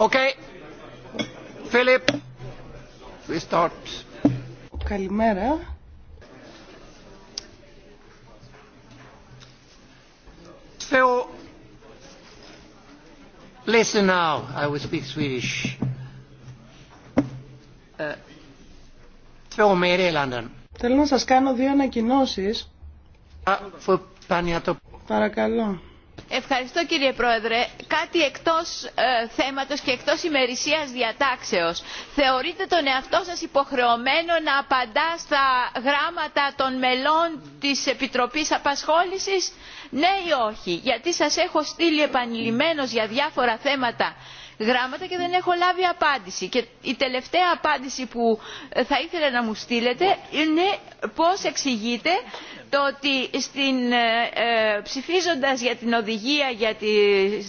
Okay. Philip. We start. Καλημέρα. So, listen now. I will speak Swedish. Uh, Två meddelanden. Θέλω να σας κάνω δύο ανακοινώσεις. Uh, Παρακαλώ. Ευχαριστώ κύριε Πρόεδρε. Κάτι εκτός ε, θέματος και εκτός ημερησίας διατάξεως. Θεωρείτε τον εαυτό σας υποχρεωμένο να απαντά στα γράμματα των μελών της Επιτροπής Απασχόλησης, ναι ή όχι. Γιατί σας έχω στείλει επανειλημμένως για διάφορα θέματα γράμματα και δεν έχω λάβει απάντηση. Και η τελευταία απάντηση που θα ήθελα να μου στείλετε είναι πώς εξηγείτε το ότι στην, ε, ε, ψηφίζοντας για την οδηγία για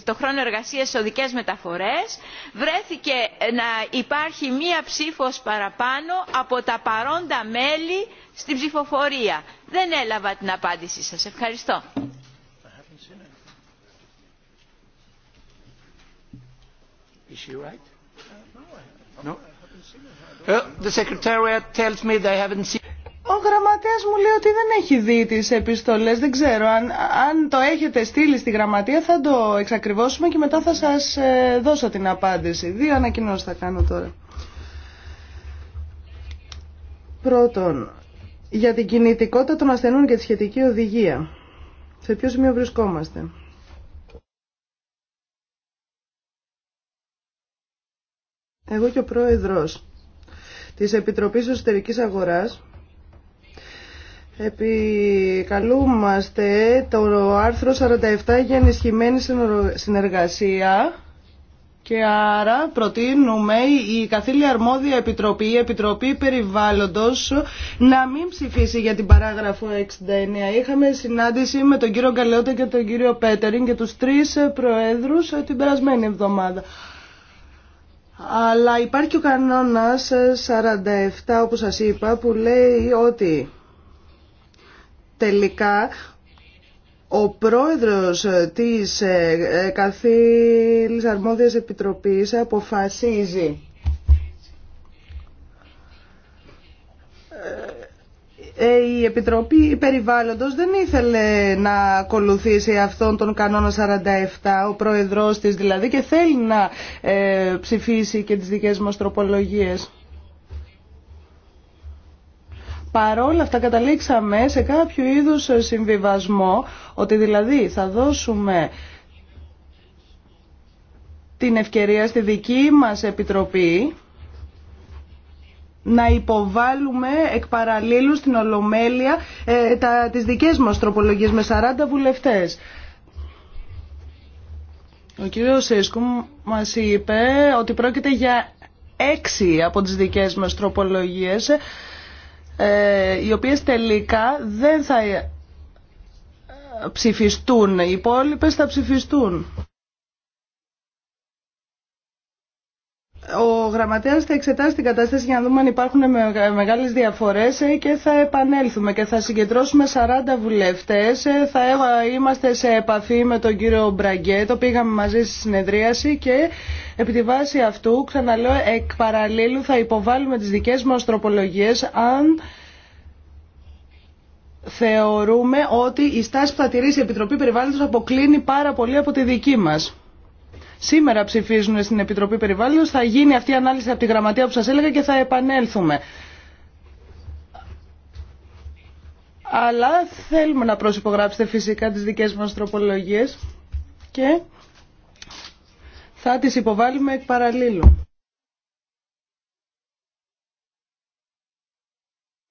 το χρόνο εργασίας στις οδικές μεταφορές βρέθηκε να υπάρχει μία ψήφος παραπάνω από τα παρόντα μέλη στην ψηφοφορία. Δεν έλαβα την απάντησή σας. Ευχαριστώ. Ο γραμματέας μου λέει ότι δεν έχει δει τις επιστολές, δεν ξέρω. Αν, αν το έχετε στείλει στη γραμματεία θα το εξακριβώσουμε και μετά θα σας ε, δώσω την απάντηση. Δύο ανακοινώσεις θα κάνω τώρα. Πρώτον, για την κινητικότητα των ασθενών και τη σχετική οδηγία. Σε ποιο σημείο βρισκόμαστε. Εγώ και ο πρόεδρος της Επιτροπής Εσωτερικής Αγοράς Επικαλούμαστε το άρθρο 47 για ενισχυμένη συνεργασία και άρα προτείνουμε η καθήλια αρμόδια επιτροπή, η Επιτροπή Περιβάλλοντος, να μην ψηφίσει για την παράγραφο 69. Είχαμε συνάντηση με τον κύριο Καλαιότα και τον κύριο Πέτεριν και τους τρεις προέδρους την περασμένη εβδομάδα. Αλλά υπάρχει ο κανόνας 47, όπως σας είπα, που λέει ότι τελικά ο πρόεδρος της ε, ε, καθήλης αρμόδιας επιτροπής αποφασίζει ε, η Επιτροπή Περιβάλλοντος δεν ήθελε να ακολουθήσει αυτόν τον κανόνα 47, ο πρόεδρός της δηλαδή, και θέλει να ψηφίσει και τις δικές μας τροπολογίες. Παρόλα αυτά καταλήξαμε σε κάποιο είδους συμβιβασμό, ότι δηλαδή θα δώσουμε την ευκαιρία στη δική μας Επιτροπή να υποβάλουμε εκ παραλίλου στην Ολομέλεια ε, τα, τις δικές μας τροπολογίες με 40 βουλευτές. Ο κύριος Σίσκου μας είπε ότι πρόκειται για έξι από τις δικές μας τροπολογίες ε, οι οποίες τελικά δεν θα ε, ψηφιστούν. Οι υπόλοιπες θα ψηφιστούν. Ο γραμματέας θα εξετάσει την κατάσταση για να δούμε αν υπάρχουν μεγάλες διαφορές ε, και θα επανέλθουμε και θα συγκεντρώσουμε 40 βουλευτές. Ε, θα είμαστε σε επαφή με τον κύριο Μπραγκέ, το πήγαμε μαζί στη συνεδρίαση και επί τη βάση αυτού, ξαναλέω, εκ παραλίλου θα υποβάλουμε τις δικές μας τροπολογίες αν θεωρούμε ότι η στάση που θα τηρήσει η Επιτροπή Περιβάλλοντος αποκλίνει πάρα πολύ από τη δική μας σήμερα ψηφίζουν στην Επιτροπή Περιβάλλοντος. Θα γίνει αυτή η ανάλυση από τη γραμματεία που σας έλεγα και θα επανέλθουμε. Αλλά θέλουμε να προσυπογράψετε φυσικά τις δικές μας τροπολογίες και θα τις υποβάλουμε εκ παραλίλου.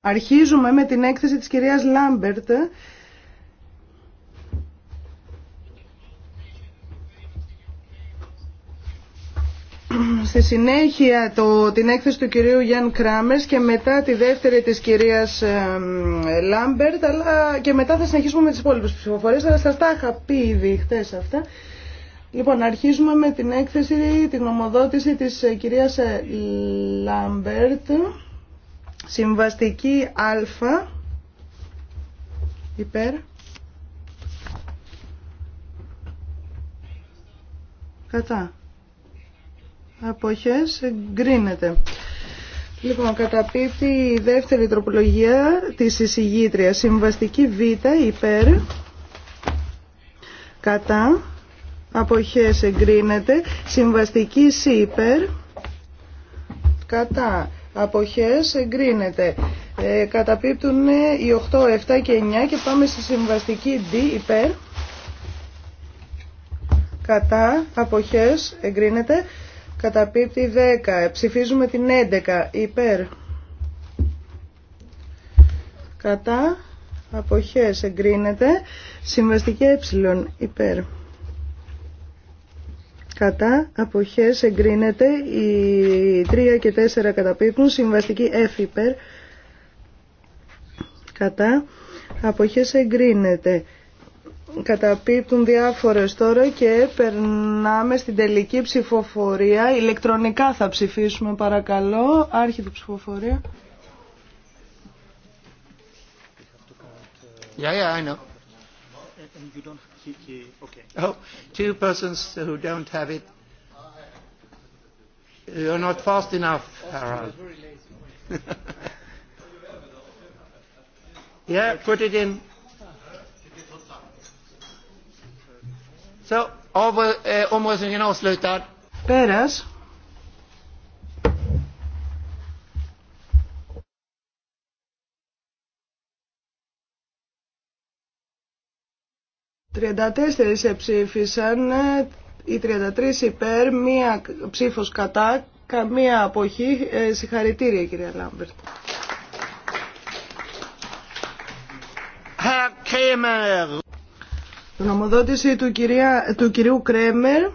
Αρχίζουμε με την έκθεση της κυρίας Λάμπερτ Στη συνέχεια το, την έκθεση του κυρίου Γιάνν Κράμερς και μετά τη δεύτερη της κυρίας Λάμπερτ αλλά και μετά θα συνεχίσουμε με τις υπόλοιπες ψηφοφορίες αλλά σας τα είχα πει ήδη αυτά. Λοιπόν, αρχίζουμε με την έκθεση, την ομοδότηση της κυρίας ε, Λάμπερτ, συμβαστική α, υπέρ, κατά αποχές εγκρίνεται. Λοιπόν, καταπίπτει η δεύτερη τροπολογία της εισηγήτριας. Συμβαστική Β υπέρ κατά αποχές εγκρίνεται. Συμβαστική Σ υπέρ κατά αποχές εγκρίνεται. Ε, καταπίπτουν ναι, οι 8, 7 και 9 και πάμε στη συμβαστική D υπέρ κατά αποχές εγκρίνεται. Καταπίπτει 10. Ε, ψηφίζουμε την 11. Υπέρ. Κατά. Αποχές εγκρίνεται. Συμβαστική ε. Υπέρ. Κατά. Αποχές εγκρίνεται. Οι 3 και 4 καταπίπτουν. Συμβαστική F ε. υπέρ. Κατά. Αποχές εγκρίνεται. Καταπίπτουν διάφορες τώρα και περνάμε στην τελική ψηφοφορία. Ηλεκτρονικά θα ψηφίσουμε παρακαλώ. Άρχιδη ψηφοφορία. Yeah, yeah, I know. okay. Oh, two persons who don't have it. You're not fast enough, Harold. yeah, put it in. So, omröstningen avslutad. Πέρας. εψήφισαν, ε, οι 33 υπέρ, μία ψήφος κατά, καμία αποχή. Ε, συγχαρητήρια κυρία Λάμπερτ. Herr Γνωμοδότηση του, του κυρίου Κρέμερ.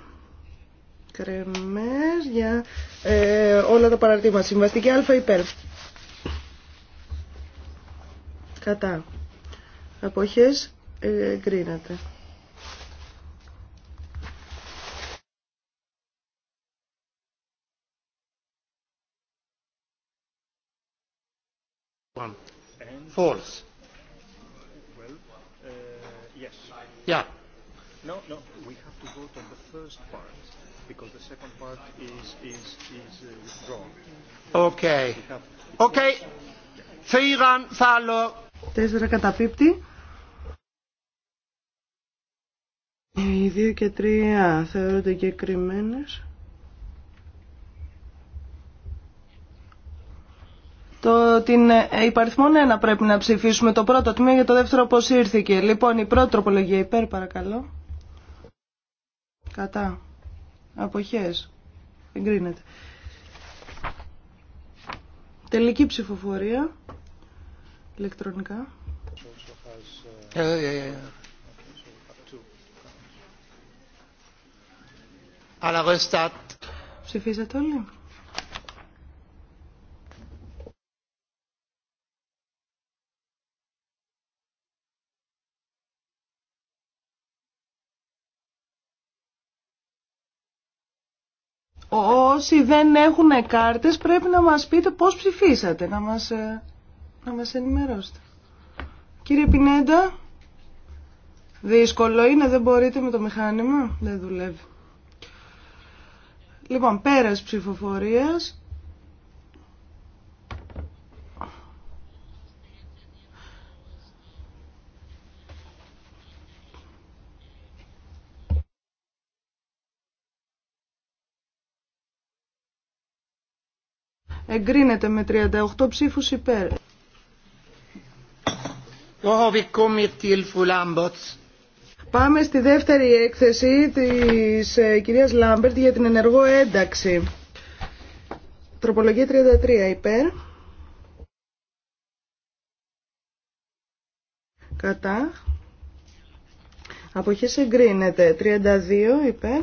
Κρέμερ για ε, όλα τα παραρτήματα. Συμβαστική α υπέρ. Κατά. Αποχές ε, εγκρίνεται. False. Yeah. No, no, we have to vote on the first part because the second part is, is, is withdrawn. Okay. Okay. Φύγαν, θάλο. Τέσσερα καταπίπτει. Οι δύο και τρία θεωρούνται και κρυμμένες. το, την ε, υπαριθμόν 1 πρέπει να ψηφίσουμε το πρώτο τμήμα για το δεύτερο ήρθηκε. Λοιπόν, η πρώτη τροπολογία υπέρ παρακαλώ. Κατά. Αποχές. Εγκρίνεται. Τελική ψηφοφορία. Ηλεκτρονικά. Ε, ε, αλλά Ψηφίσατε όλοι. Όσοι δεν έχουν κάρτες πρέπει να μας πείτε πώς ψηφίσατε, να μας, ε, να μας ενημερώσετε. Κύριε Πινέντα, δύσκολο είναι, δεν μπορείτε με το μηχάνημα, δεν δουλεύει. Λοιπόν, πέρας ψηφοφορίας, Εγκρίνεται με 38 ψήφους υπέρ. Πάμε στη δεύτερη έκθεση της ε, κυρίας Λάμπερτ για την ενεργό ένταξη. Τροπολογία 33 υπέρ. Κατά. Αποχές εγκρίνεται. 32 υπέρ.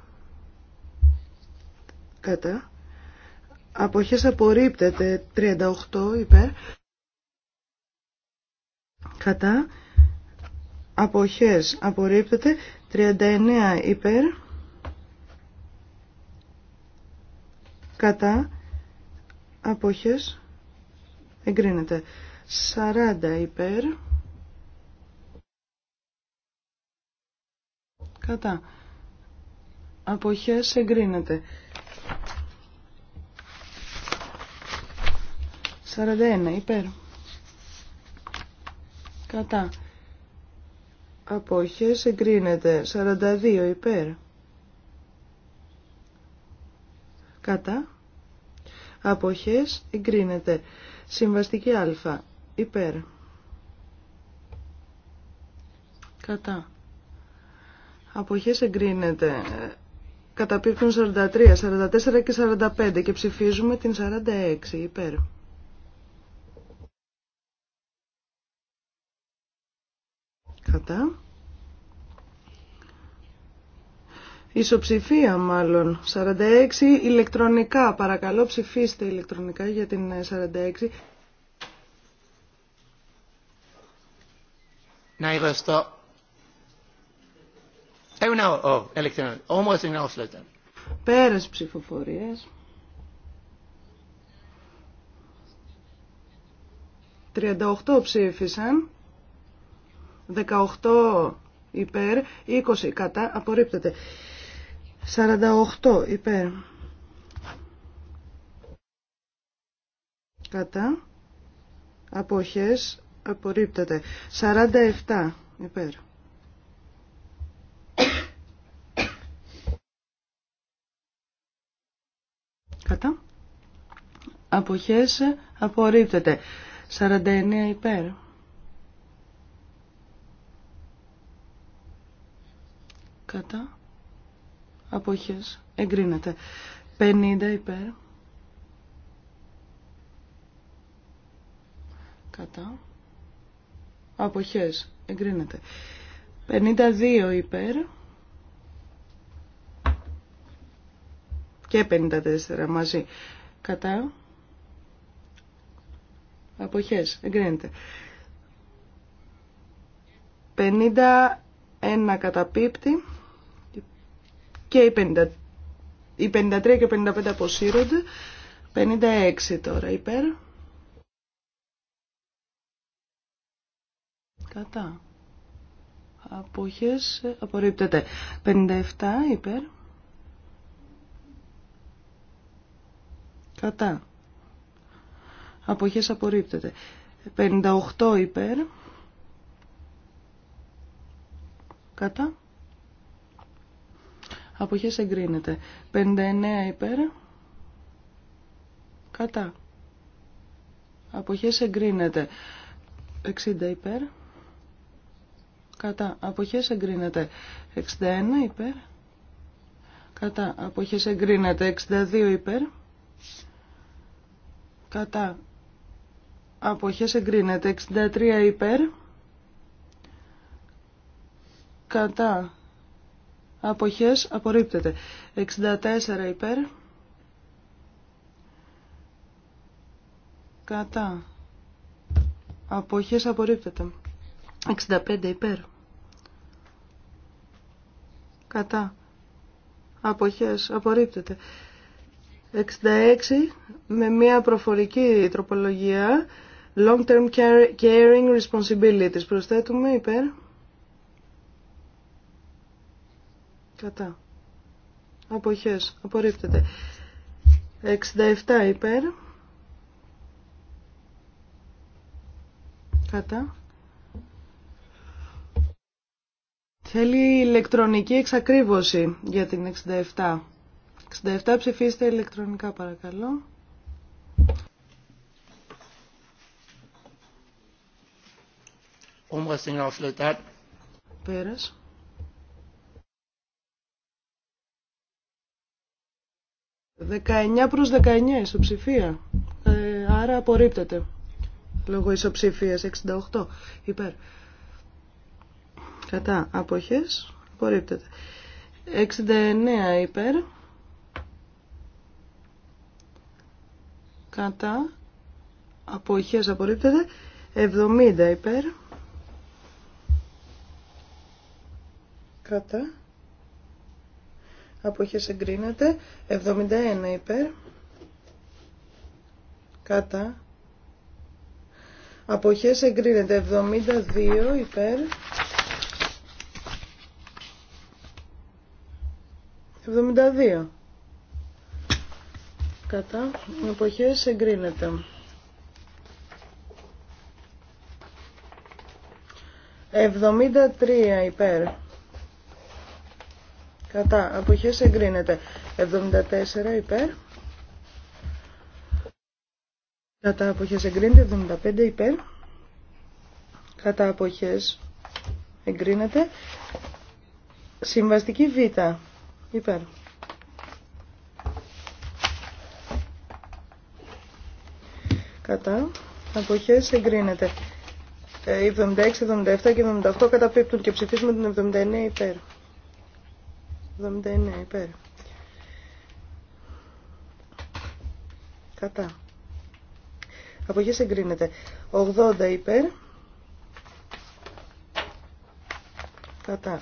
κατά αποχές απορρίπτεται 38 υπέρ κατά αποχές απορρίπτεται 39 υπέρ κατά αποχές εγκρίνεται 40 υπέρ κατά αποχές εγκρίνεται 41 υπέρ. Κατά. Απόχες εγκρίνεται. 42 υπέρ. Κατά. Απόχες εγκρίνεται. Συμβαστική α. Υπέρ. Κατά. Αποχές εγκρίνεται. Καταπίπτουν 43, 44 και 45 και ψηφίζουμε την 46 υπέρ. Κατά. Ισοψηφία μάλλον. 46 ηλεκτρονικά. Παρακαλώ ψηφίστε ηλεκτρονικά για την 46. Ε, να ήρθω. Ε, Όμως είναι Πέρας ψηφοφορίες 38 ψήφισαν. 18 υπέρ, 20 κατά, απορρίπτεται. 48 υπέρ. Κατά. Αποχές απορρίπτεται. 47 υπέρ. Κατά. Αποχές απορρίπτεται. 49 υπέρ. κατά αποχές εγκρίνεται 50 υπέρ κατά αποχές εγκρίνεται 52 υπέρ και 54 μαζί κατά αποχές εγκρίνεται 51 καταπίπτει και οι 50, 53 και 55 αποσύρονται. 56 τώρα υπέρ. Κατά. Αποχές ε, απορρίπτεται. 57 υπέρ. Κατά. Αποχές απορρίπτεται. 58 υπέρ. Κατά. Αποχές εγκρίνεται. 59 υπέρ. Κατά. Αποχές εγκρίνεται. 60 υπέρ. Κατά. Αποχές εγκρίνεται. 61 υπέρ. Κατά. Αποχές εγκρίνεται. 62 υπέρ. Κατά. Αποχές εγκρίνεται. 63 υπέρ. Κατά αποχές απορρίπτεται. 64 υπέρ, κατά, αποχές απορρίπτεται. 65 υπέρ, κατά, αποχές απορρίπτεται. 66 με μια προφορική τροπολογία, long term caring responsibilities, προσθέτουμε υπέρ, Κατά. Αποχές. Απορρίπτεται. 67 υπέρ. Κατά. Θέλει ηλεκτρονική εξακρίβωση για την 67. 67 ψηφίστε ηλεκτρονικά παρακαλώ. Πέρασε. 19 προς 19 ισοψηφία. Ε, άρα απορρίπτεται. Λόγω ισοψηφίας 68 υπέρ. Κατά αποχές απορρίπτεται. 69 υπέρ. Κατά αποχές απορρίπτεται. 70 υπέρ. Κατά αποχές εγκρίνεται 71 υπέρ κατά αποχές εγκρίνεται 72 υπέρ 72 κατά αποχές εγκρίνεται 73 υπέρ Κατά. Αποχές εγκρίνεται. 74 υπέρ. Κατά αποχές εγκρίνεται. 75 υπέρ. Κατά αποχές εγκρίνεται. Συμβαστική Β. Υπέρ. Κατά. Αποχές εγκρίνεται. 76, ε, 77 και 78 καταπίπτουν και ψηφίσουμε την 79 υπέρ. 79 υπέρ. Κατά. εκεί εγκρίνεται. 80 υπέρ. Κατά.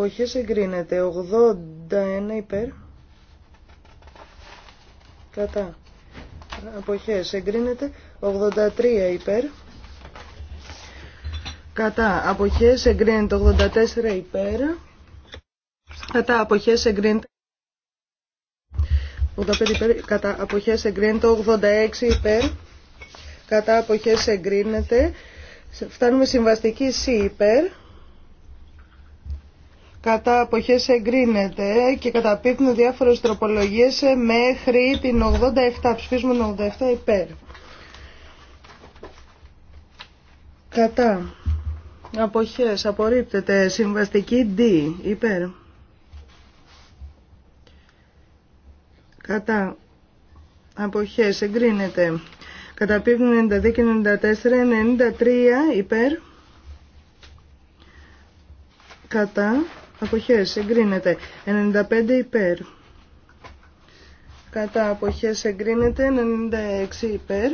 εκεί εγκρίνεται. 81 υπέρ. Κατά. εκεί εγκρίνεται. 83 υπέρ. Κατά. εκεί εγκρίνεται. 84 υπέρ. Κατά αποχές εγκρίνεται. 85 κατά αποχές εγκρίνεται. 86 υπέρ, κατά αποχές εγκρίνεται. Φτάνουμε συμβαστική C υπέρ. Κατά αποχές εγκρίνεται και καταπίπτουν διάφορες τροπολογίες μέχρι την 87. Ψηφίζουμε 87 υπέρ. Κατά. Αποχές. Απορρίπτεται. Συμβαστική D. Υπέρ. κατά αποχές εγκρίνεται κατά καταπίπτουν 92 και 94 93 υπέρ κατά αποχές εγκρίνεται 95 υπέρ κατά αποχές εγκρίνεται 96 υπέρ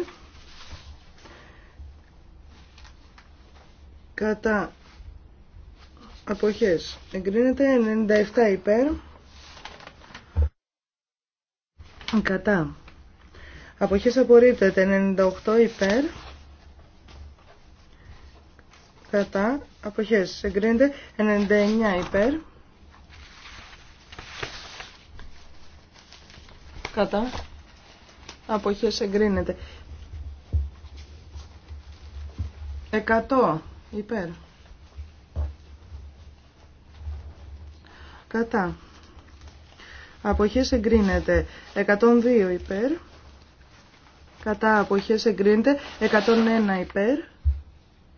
κατά αποχές εγκρίνεται 97 υπέρ κατά αποχές απορρίπτεται 98 υπέρ κατά αποχές εγκρίνεται 99 υπέρ κατά αποχές εγκρίνεται 100 υπέρ κατά αποχές εγκρίνεται 102 υπέρ κατά αποχές εγκρίνεται 101 υπέρ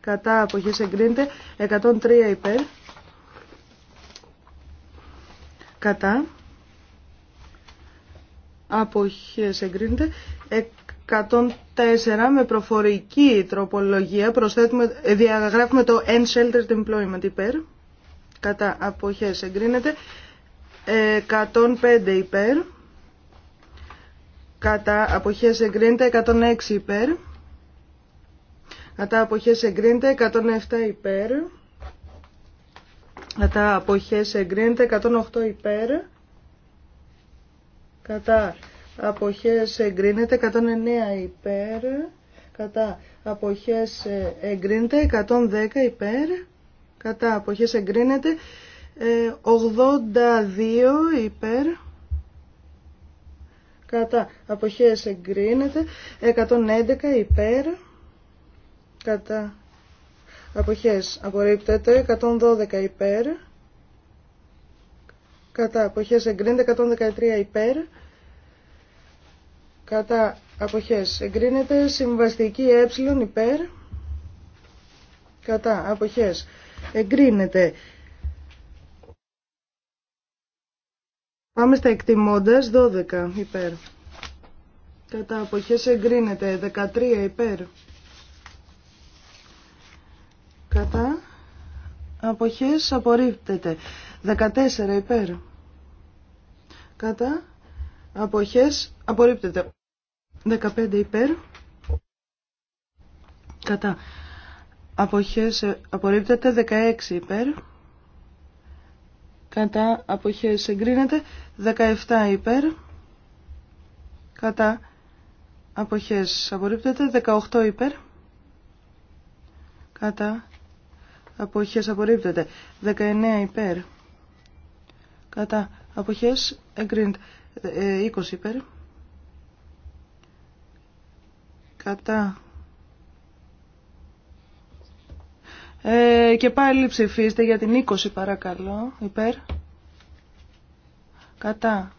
κατά αποχές εγκρίνεται 103 υπέρ κατά αποχές εγκρίνεται 104 με προφορική τροπολογία προσθέτουμε, ε, διαγράφουμε το end sheltered employment υπέρ κατά αποχές εγκρίνεται 105 υπέρ. Κατά αποχές εγκρίνεται 106 υπέρ. Κατά αποχές εγκρίνεται 107 υπέρ. Κατά αποχές εγκρίνεται 108 υπέρ. Κατά αποχές εγκρίνεται 109 υπέρ. Κατά αποχές εγκρίνεται 110 υπέρ. Κατά αποχές εγκρίνεται 82 ε, υπέρ. Κατά αποχές εγκρίνεται. 111 υπέρ. Κατά αποχές απορρίπτεται. 112 υπέρ. Κατά αποχές εγκρίνεται. 113 υπέρ. Κατά αποχές εγκρίνεται. Συμβαστική ε υπέρ. Κατά αποχές εγκρίνεται. Πάμε στα εκτιμώντας 12 υπέρ. Κατά αποχές εγκρίνεται 13 υπέρ. Κατά αποχές απορρίπτεται 14 υπέρ. Κατά αποχές απορρίπτεται 15 υπέρ. Κατά αποχές απορρίπτεται 16 υπέρ κατά αποχές εγκρίνεται 17 υπέρ κατά αποχές απορρίπτεται 18 υπέρ κατά αποχές απορρίπτεται 19 υπέρ κατά αποχές εγκρίνεται 20 ε, υπέρ κατά Ε, και πάλι ψηφίστε για την 20 παρακαλώ. Υπέρ. Κατά.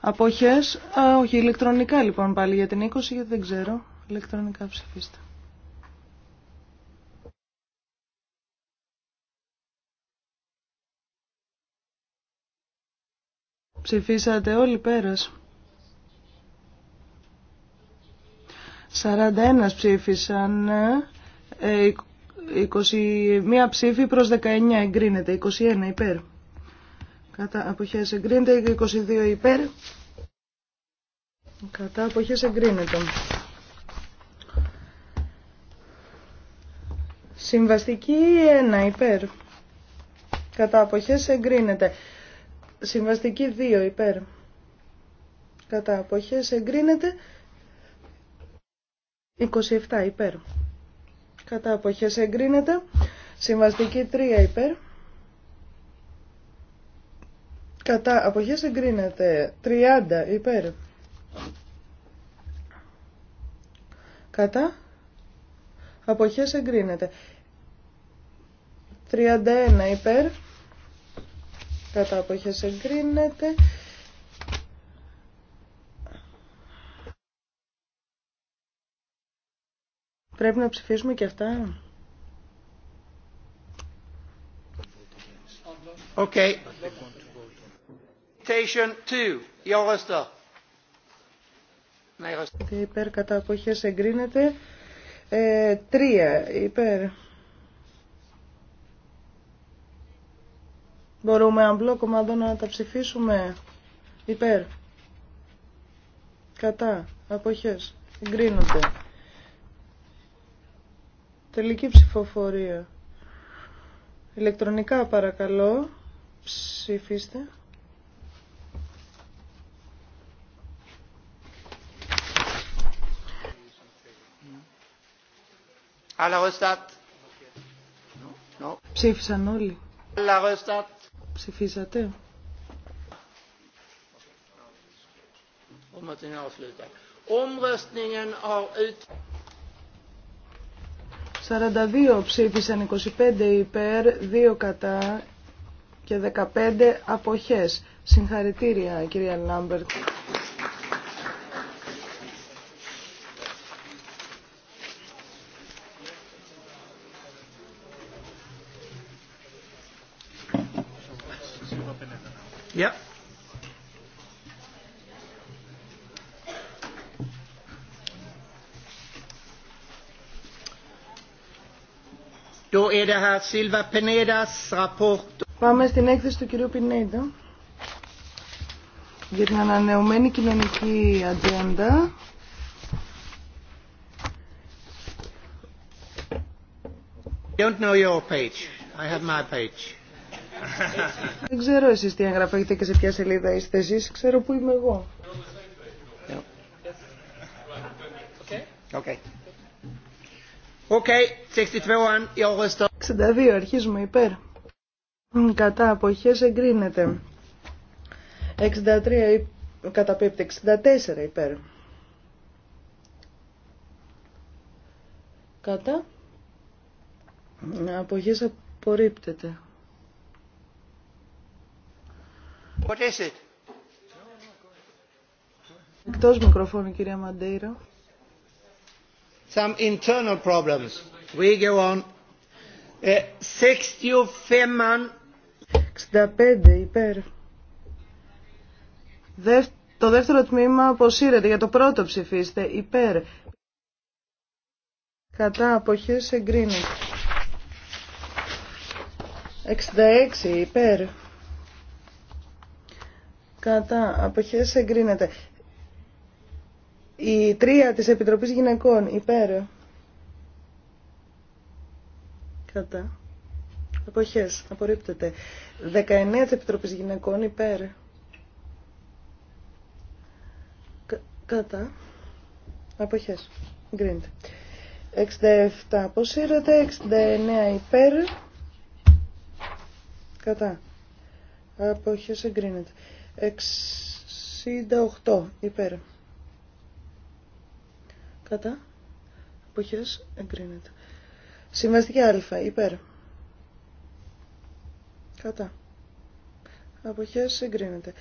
Αποχές. Α, όχι, ηλεκτρονικά λοιπόν πάλι για την 20 γιατί δεν ξέρω. Ηλεκτρονικά ψηφίστε. Ψηφίσατε όλοι πέρας. 41 ψήφισαν, ε, ε, 21 ψήφι προς 19 εγκρίνεται. 21 υπέρ. Κατά αποχές εγκρίνεται. 22 υπέρ. Κατά αποχές εγκρίνεται. Συμβαστική 1 υπέρ. Κατά αποχές εγκρίνεται. Συμβαστική 2 υπέρ. Κατά αποχές εγκρίνεται. 27 υπέρ κατά αποχές εγκρίνεται. Συμβαστική 3 υπέρ. Κατά αποχές εγκρίνεται. 30 υπέρ. Κατά αποχές εγκρίνεται. 31 υπέρ. Κατά αποχές εγκρίνεται. Πρέπει να ψηφίσουμε και αυτά. Okay. Τι υπέρ κατά αποχές εγκρίνεται. Ε, τρία υπέρ. Μπορούμε αν μπλοκ να τα ψηφίσουμε. Υπέρ. Κατά. Αποχές. Εγκρίνονται. Τελική ψηφοφορία. Ηλεκτρονικά παρακαλώ. Ψηφίστε. Αλλά Ρωστάτ. Ψήφισαν όλοι. Αλλά Ρωστάτ. Ψηφίσατε. Omröstningen har ut... 42 ψήφισαν 25 υπέρ, 2 κατά και 15 αποχές. Συγχαρητήρια κυρία Λάμπερτ. Πάμε στην έκθεση του κυρίου Πινέιντα για την ανανεωμένη κοινωνική ατζέντα. Don't know your page. I have my page. Δεν ξέρω εσείς τι έγραφα, έχετε και σε ποια σελίδα είστε εσείς. Ξέρω που είμαι εγώ. Okay. Okay. Okay. 62 an Eurostar. 62 αρχίζουμε υπέρ. Κατά αποχές εγκρίνεται. 63 καταπίπτει. 64 υπέρ. Κατά. Αποχές απορρίπτεται. What is it? Εκτός μικροφώνου κυρία Μαντέιρα. Some internal problems. We go on 65 ε, υπέρ. Το δεύτερο τμήμα αποσύρεται. Για το πρώτο ψηφίστε υπέρ. Κατά αποχές εγκρίνεται. 66 υπέρ. Κατά αποχές εγκρίνεται. Η τρία της Επιτροπής Γυναικών υπέρ κατά Εποχέ. απορρίπτεται 19 τη Επιτροπή Γυναικών υπέρ κατά Εποχέ. γκριντ 67 αποσύρεται 69 υπέρ κατά Αποχέ εγκρίνεται 68 υπέρ κατά Αποχέ εγκρίνεται Συμβαστική α, υπέρ. Κατά. Αποχές εγκρίνεται.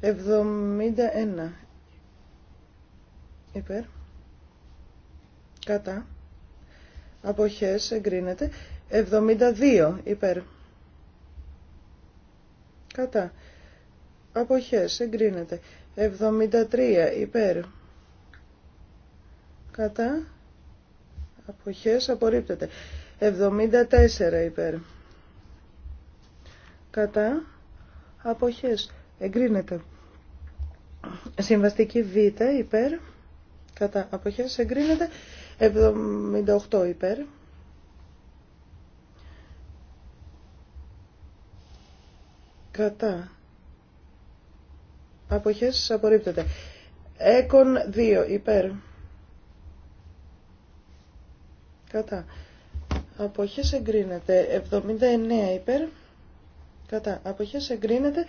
71. Υπέρ. Κατά. Αποχές εγκρίνεται. 72. Υπέρ. Κατά. Αποχές εγκρίνεται. 73. Υπέρ. Κατά αποχές απορρίπτεται 74 υπέρ κατά αποχές εγκρίνεται συμβαστική β υπέρ κατά αποχές εγκρίνεται 78 υπέρ κατά αποχές απορρίπτεται έκον 2 υπέρ Κατά. Αποχές εγκρίνεται. 79 υπέρ. Κατά. Αποχές εγκρίνεται.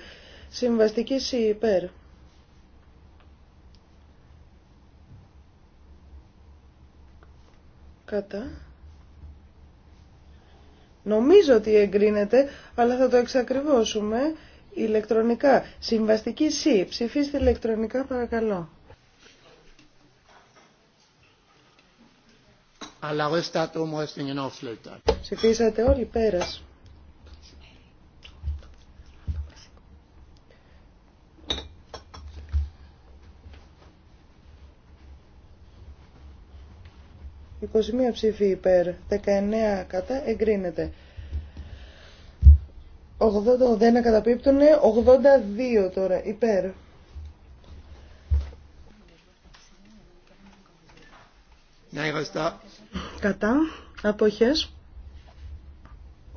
Συμβαστική C υπέρ. Κατά. Νομίζω ότι εγκρίνεται, αλλά θα το εξακριβώσουμε ηλεκτρονικά. Συμβαστική C. Ψηφίστε ηλεκτρονικά παρακαλώ. Αλλά Ψηφίσατε όλοι πέρα. 21 ψήφοι υπέρ, 19 κατά, εγκρίνεται. 80 δεν καταπίπτουνε, 82 τώρα υπέρ. Ναι, Κατά. Αποχές.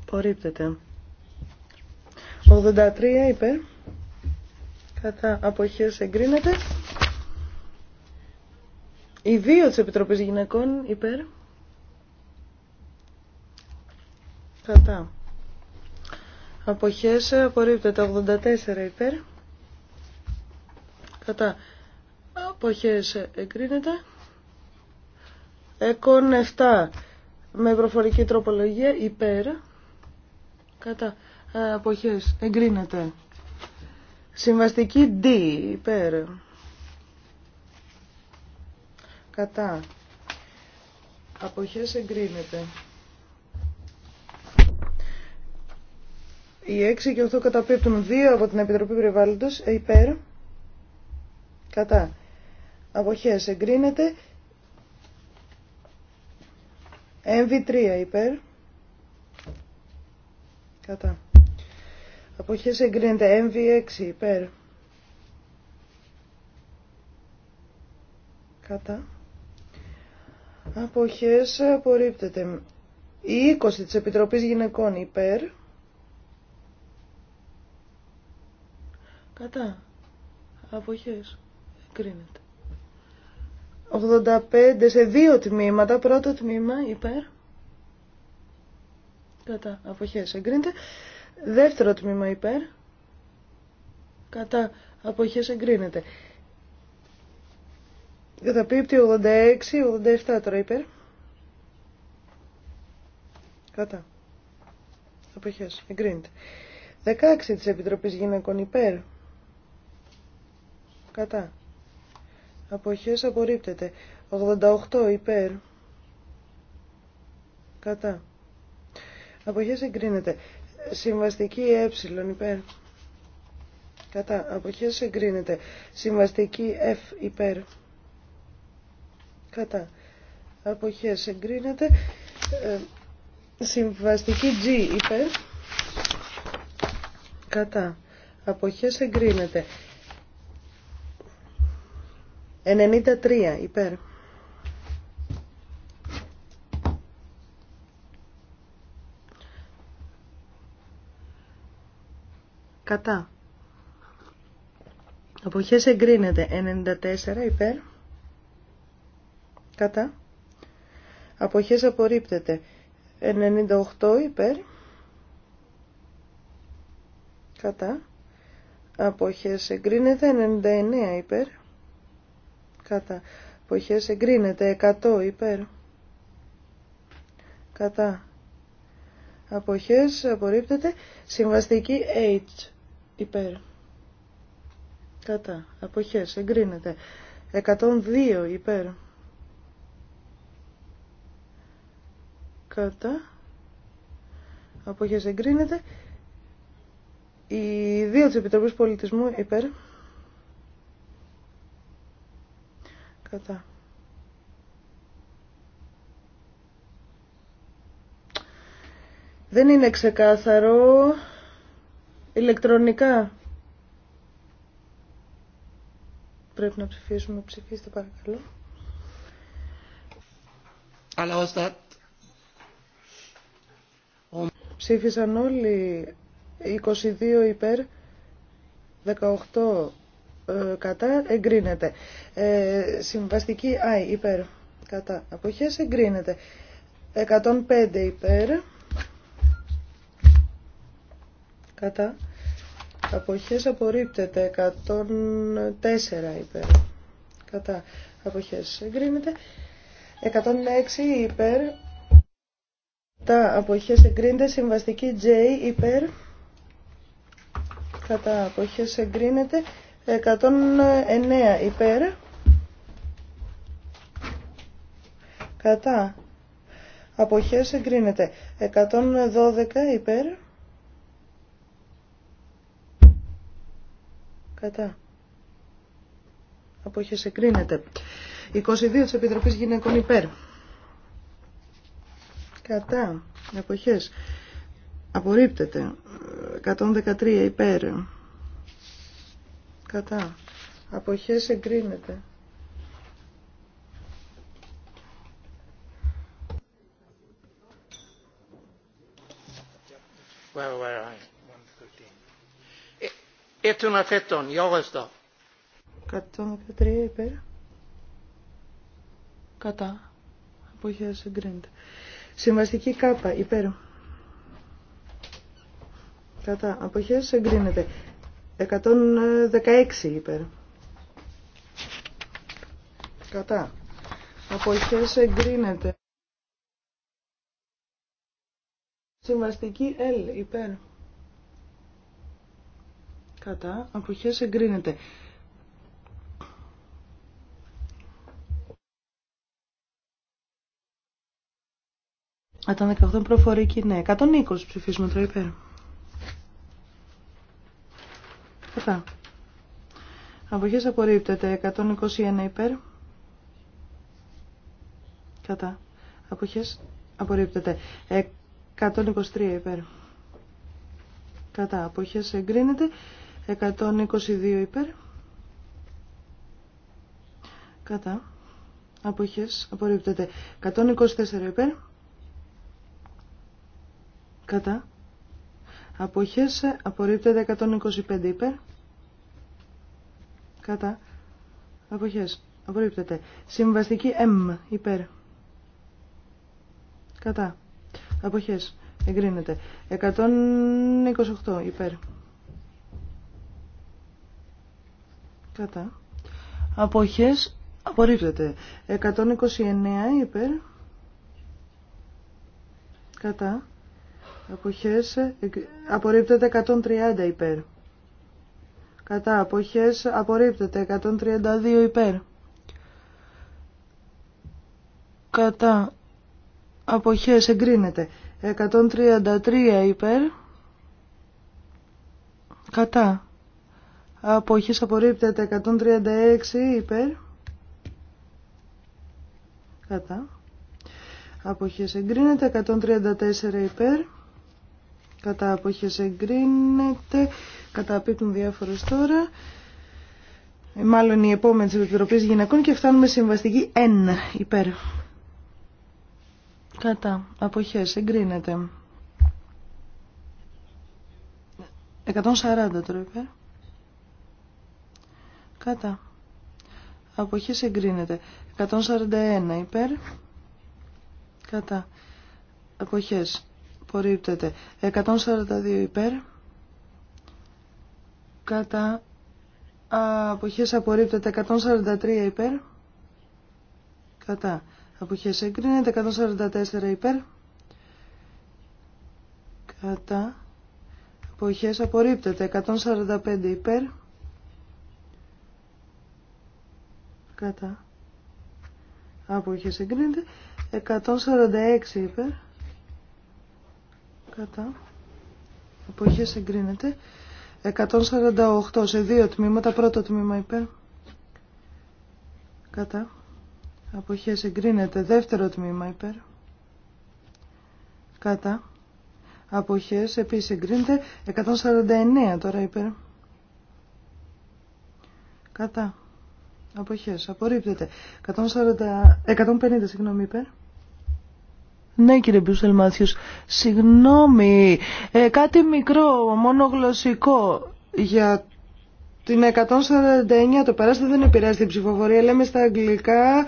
Απορρίπτεται. 83 υπέρ. Κατά. Αποχές εγκρίνεται. Οι δύο της Επιτροπής Γυναικών υπέρ. Κατά. Αποχές απορρίπτεται. 84 υπέρ. Κατά. Αποχές εγκρίνεται. Έκον 7 με προφορική τροπολογία υπέρ κατά αποχές εγκρίνεται. Συμβαστική D υπέρ κατά αποχές εγκρίνεται. Οι 6 και 8 καταπίπτουν 2 από την Επιτροπή Περιβάλλοντος υπέρ κατά αποχές εγκρίνεται MV3 υπέρ. Κατά. Αποχές εγκρίνεται. MV6 υπέρ. Κατά. Αποχές απορρίπτεται. Η 20 της Επιτροπής Γυναικών υπέρ. Κατά. Αποχές. Εγκρίνεται. 85 σε δύο τμήματα. Πρώτο τμήμα υπέρ. Κατά αποχές εγκρίνεται. Δεύτερο τμήμα υπέρ. Κατά αποχές εγκρίνεται. Καταπίπτει 86, 87 τώρα υπέρ. Κατά. Αποχές. Εγκρίνεται. 16 της Επιτροπής Γυναικών υπέρ. Κατά. Αποχές απορρίπτεται. 88 υπέρ. Κατά. Αποχές εγκρίνεται. Συμβαστική ε υπέρ. Κατά. Αποχές εγκρίνεται. Συμβαστική F υπέρ. Κατά. Αποχές εγκρίνεται. Ε, συμβαστική G υπέρ. Κατά. Αποχές εγκρίνεται. 93 υπέρ. Κατά. Αποχές εγκρίνεται 94 υπέρ. Κατά. Αποχές απορρίπτεται 98 υπέρ. Κατά. Αποχές εγκρίνεται 99 υπέρ κατά αποχές εγκρίνεται 100 υπέρ κατά αποχές απορρίπτεται συμβαστική H υπέρ κατά αποχές εγκρίνεται 102 υπέρ κατά αποχές εγκρίνεται οι δύο της Επιτροπής Πολιτισμού υπέρ Δεν είναι ξεκάθαρο. Ηλεκτρονικά. Πρέπει να ψηφίσουμε. Ψηφίστε παρακαλώ. Αλλά Ψήφισαν όλοι 22 υπέρ, 18 ε, κατά εγκρίνεται. Ε, συμβαστική I υπέρ κατά αποχές εγκρίνεται. 105 υπέρ κατά αποχές απορρίπτεται. 104 υπέρ κατά αποχές εγκρίνεται. 106 υπέρ κατά αποχές εγκρίνεται. Συμβαστική J υπέρ κατά αποχές εγκρίνεται. 109 υπέρ. Κατά. Αποχές εγκρίνεται. 112 υπέρ. Κατά. Αποχές εγκρίνεται. 22 της Επιτροπής Γυναικών υπέρ. Κατά. Αποχές. Απορρίπτεται. 113 υπέρ κατά απόχέ εγκρίνεται. Where were I? 113. 113. Κατά. Αποχέ εγκρίνεται. Συμβαστική κάπα υπέρ. Κατά. Αποχές εγκρίνεται. 116 υπέρ. Κατά. Αποχές εγκρίνεται. Συμβαστική L υπέρ. Κατά. Αποχές εγκρίνεται. 18 προφορική, ναι. 120 ψηφίσματα υπέρ. Κατά. Αποχές απορρίπτεται. 121 υπέρ. Κατά. Αποχές απορρίπτεται. 123 υπέρ. Κατά. Αποχές εγκρίνεται. 122 υπέρ. Κατά. Αποχές απορρίπτεται. 124 υπέρ. Κατά. Αποχές απορρίπτεται 125 υπέρ. Κατά. Αποχές. Απορρίπτεται. Συμβαστική M υπέρ. Κατά. Αποχές. Εγκρίνεται. 128 υπέρ. Κατά. Αποχές. Απορρίπτεται. 129 υπέρ. Κατά αποχές απορρίπτεται 130 υπέρ. Κατά αποχές απορρίπτεται 132 υπέρ. Κατά αποχές εγκρίνεται 133 υπέρ. Κατά αποχές απορρίπτεται 136 υπέρ. Κατά αποχές εγκρίνεται 134 υπέρ κατά αποχές εγκρίνεται, καταπίπτουν διάφορες τώρα, ε, μάλλον οι επόμενε επιτροπές γυναικών και φτάνουμε συμβαστική 1 υπέρ. Κατά αποχές εγκρίνεται. 140 τώρα υπέρ. Κατά. Αποχές εγκρίνεται. 141 υπέρ. Κατά. Αποχές απορρίπτεται. 142 υπέρ. Κατά αποχές απορρίπτεται. 143 υπέρ. Κατά αποχές εγκρίνεται. 144 υπέρ. Κατά αποχές απορρίπτεται. 145 υπέρ. Κατά αποχές εγκρίνεται. 146 υπέρ Κατά. Αποχές εγκρίνεται. 148 σε δύο τμήματα. Πρώτο τμήμα υπέρ. Κατά. Αποχές εγκρίνεται. Δεύτερο τμήμα υπέρ. Κατά. Αποχές επίσης εγκρίνεται. 149 τώρα υπέρ. Κατά. Αποχές. Απορρίπτεται. 150 συγγνώμη υπέρ. Ναι κύριε Μπιούσελ Μάθιος, συγγνώμη, ε, κάτι μικρό, μόνο γλωσσικό για την 149 το περάστε δεν επηρεάζει την ψηφοφορία, λέμε στα αγγλικά...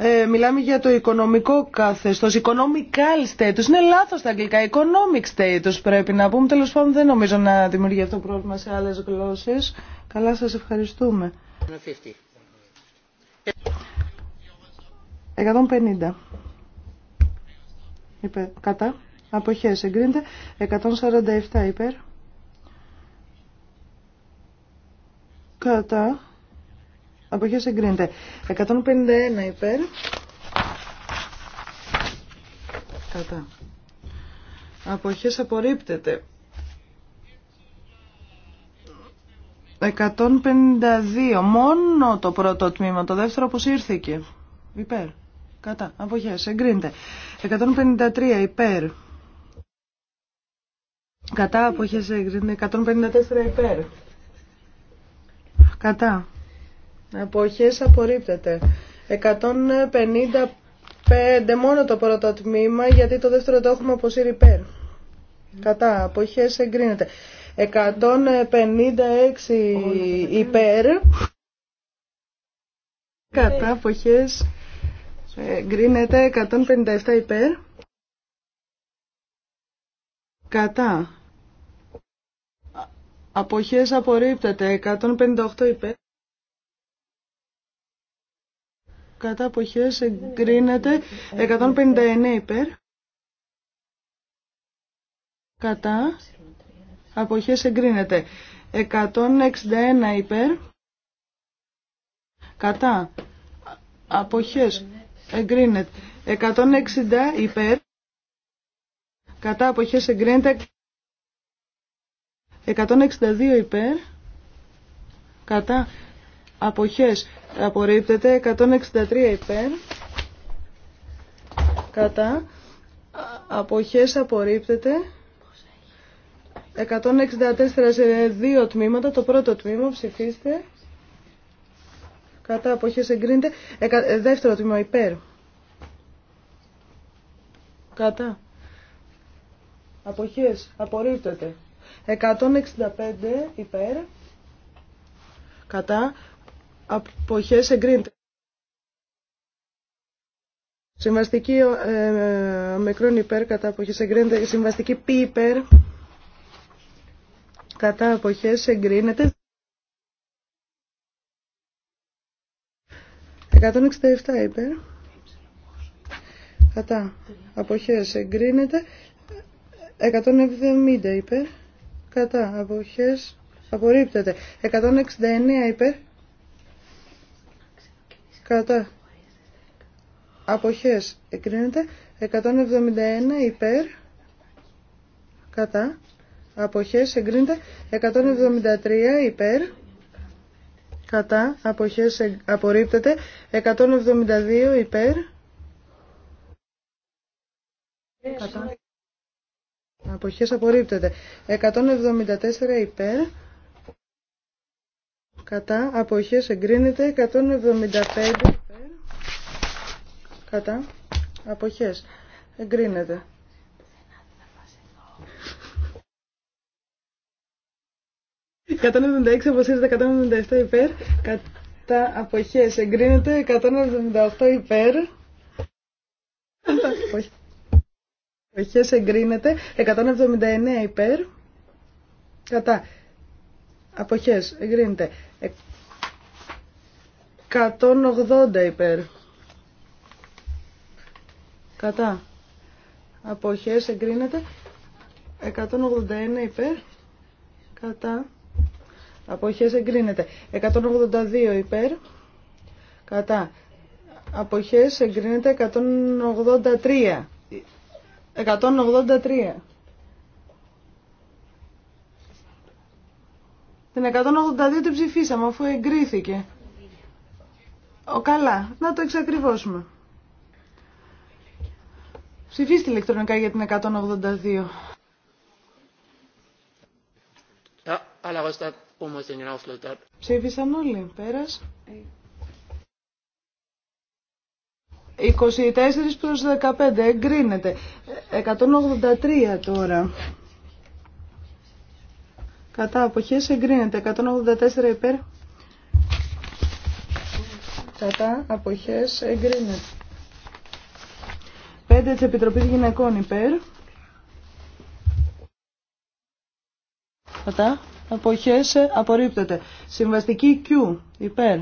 Ε, μιλάμε για το οικονομικό καθεστώς, economical status. Είναι λάθος τα αγγλικά, economic status πρέπει να πούμε. Τέλος πάντων δεν νομίζω να δημιουργεί αυτό πρόβλημα σε άλλες γλώσσες. Καλά σας ευχαριστούμε. 150 υπέρ, κατά, αποχές εγκρίνεται, 147 υπέρ, κατά, αποχές εγκρίνεται, 151 υπέρ, κατά, αποχές απορρίπτεται, 152, μόνο το πρώτο τμήμα, το δεύτερο αποσύρθηκε, υπέρ. Κατά. Αποχές. Εγκρίνεται. 153 υπέρ. Κατά. Αποχές. Εγκρίνεται. 154 υπέρ. Κατά. Αποχέ Απορρίπτεται. 155 μόνο το πρώτο τμήμα γιατί το δεύτερο το έχουμε αποσύρει υπέρ. Κατά. Αποχές. Εγκρίνεται. 156 υπέρ. Κατά αποχές Εγκρίνεται 157 υπέρ. Κατά. Αποχές απορρίπτεται 158 υπέρ. Κατά αποχές εγκρίνεται 159 υπέρ. Κατά αποχές εγκρίνεται 161 υπέρ. Κατά αποχές εγκρίνεται. 160 υπέρ. Κατά αποχές εγκρίνεται. 162 υπέρ. Κατά αποχές απορρίπτεται. 163 υπέρ. Κατά αποχές απορρίπτεται. 164 σε δύο τμήματα. Το πρώτο τμήμα ψηφίστε κατά αποχές εγκρίνεται. Ε, δεύτερο τμήμα υπέρ. Κατά. Αποχέ, απορρίπτεται. 165 υπέρ. Κατά. Αποχέ εγκρίνεται. Συμβαστική ε, ε, μικρόν υπέρ κατά αποχές εγκρίνεται. Συμβαστική πι υπέρ κατά αποχέ, εγκρίνεται. 167 υπέρ. Κατά. Αποχές εγκρίνεται. 170 υπέρ. Κατά. Αποχές απορρίπτεται. 169 υπέρ. Κατά. Αποχές εγκρίνεται. 171 υπέρ. Κατά. Αποχές εγκρίνεται. 173 υπέρ κατά αποχές απορρίπτεται 172 υπέρ κατά αποχές απορρίπτεται 174 υπέρ κατά αποχές εγκρίνεται 175 υπέρ κατά αποχές εγκρίνεται 176 αποσύρεται 177 υπέρ. Κατά αποχέ εγκρίνεται 178 υπέρ. Κατά εγκρίνεται 179 υπέρ. Κατά αποχές εγκρίνεται 180 υπέρ. Κατά Αποχέ, εγκρίνεται 181 υπέρ. Κατά Αποχές εγκρίνεται. 182 υπέρ. Κατά. Αποχές εγκρίνεται 183. 183. Την 182 την ψηφίσαμε αφού εγκρίθηκε. Ο καλά. Να το εξακριβώσουμε. Ψηφίστε ηλεκτρονικά για την 182. Όμως δεν είναι Ψήφισαν όλοι. Πέρας. 24 προς 15. Εγκρίνεται. 183 τώρα. Κατά αποχές εγκρίνεται. 184 υπέρ. Κατά αποχές εγκρίνεται. 5 της Επιτροπής Γυναικών υπέρ. Κατά αποχές ε, απορρίπτεται. Συμβαστική Q υπέρ.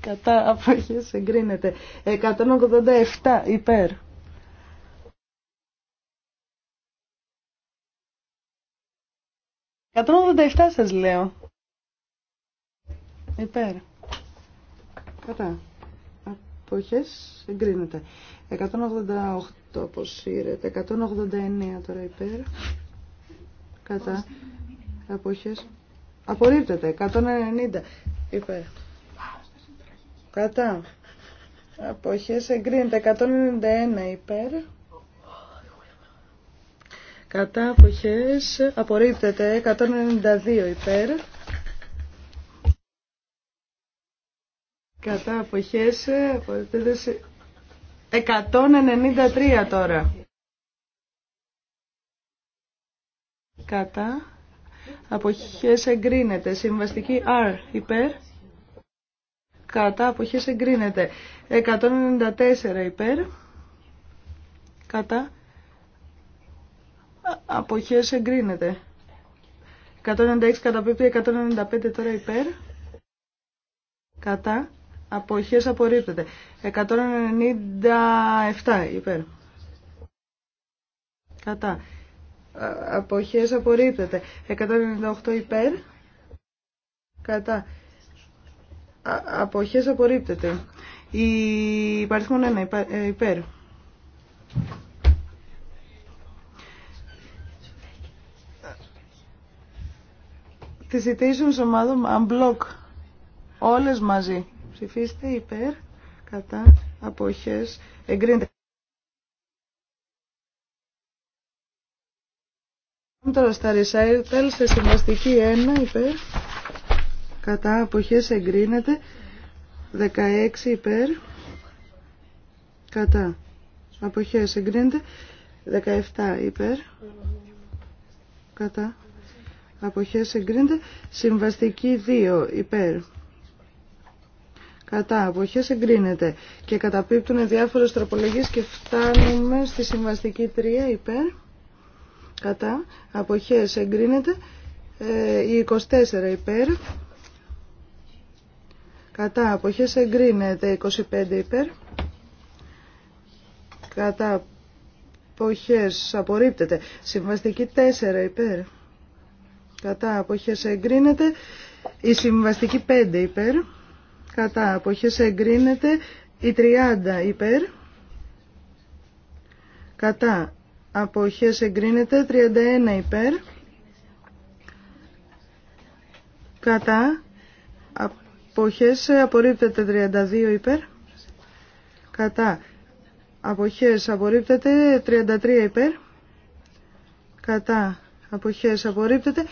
Κατά αποχές εγκρίνεται. 187 υπέρ. «187 σας λέω». Υπέρ. Κατά. Αποχές εγκρίνεται. 188 αποσύρεται. 189 τώρα υπέρ. Κατά αποχές απορρίπτεται 190 υπέρ κατά αποχές εγκρίνεται 191 υπέρ κατά αποχές απορρίπτεται 192 υπέρ κατά αποχές απορρίπτεται 193 τώρα κατά Αποχές εγκρίνεται. Συμβαστική R υπέρ. Κατά. Αποχές εγκρίνεται. 194 υπέρ. Κατά. Αποχές εγκρίνεται. 196 καταπίπτει. 195 τώρα υπέρ. Κατά. Αποχές απορρίπτεται. 197 υπέρ. Κατά αποχές απορρίπτεται. 198 υπέρ. Κατά. Α, αποχές απορρίπτεται. Η υπαριθμόν 1 ε, υπέρ. Τη ζητήσεων ομάδων unblock. Όλες μαζί. Ψηφίστε υπέρ. Κατά. Αποχές. Εγκρίνεται. Τώρα στα σε συμβαστική 1 υπέρ, κατά αποχές εγκρίνεται, 16 υπέρ, κατά αποχές εγκρίνεται, 17 υπέρ, κατά αποχές εγκρίνεται, συμβαστική 2 υπέρ. Κατά αποχές εγκρίνεται και καταπίπτουν διάφορες τροπολογίες και φτάνουμε στη συμβαστική 3 υπέρ κατά αποχές εγκρίνεται ε, η 24 υπέρ κατά αποχές εγκρίνεται 25 υπέρ κατά αποχές απορρίπτεται συμβαστική 4 υπέρ κατά αποχές εγκρίνεται η συμβαστική 5 υπέρ κατά αποχές εγκρίνεται η 30 υπέρ κατά αποχές εγκρίνεται 31 υπέρ κατά αποχές απορρίπτεται 32 υπέρ κατά αποχές απορρίπτεται 33 υπέρ κατά αποχές απορρίπτεται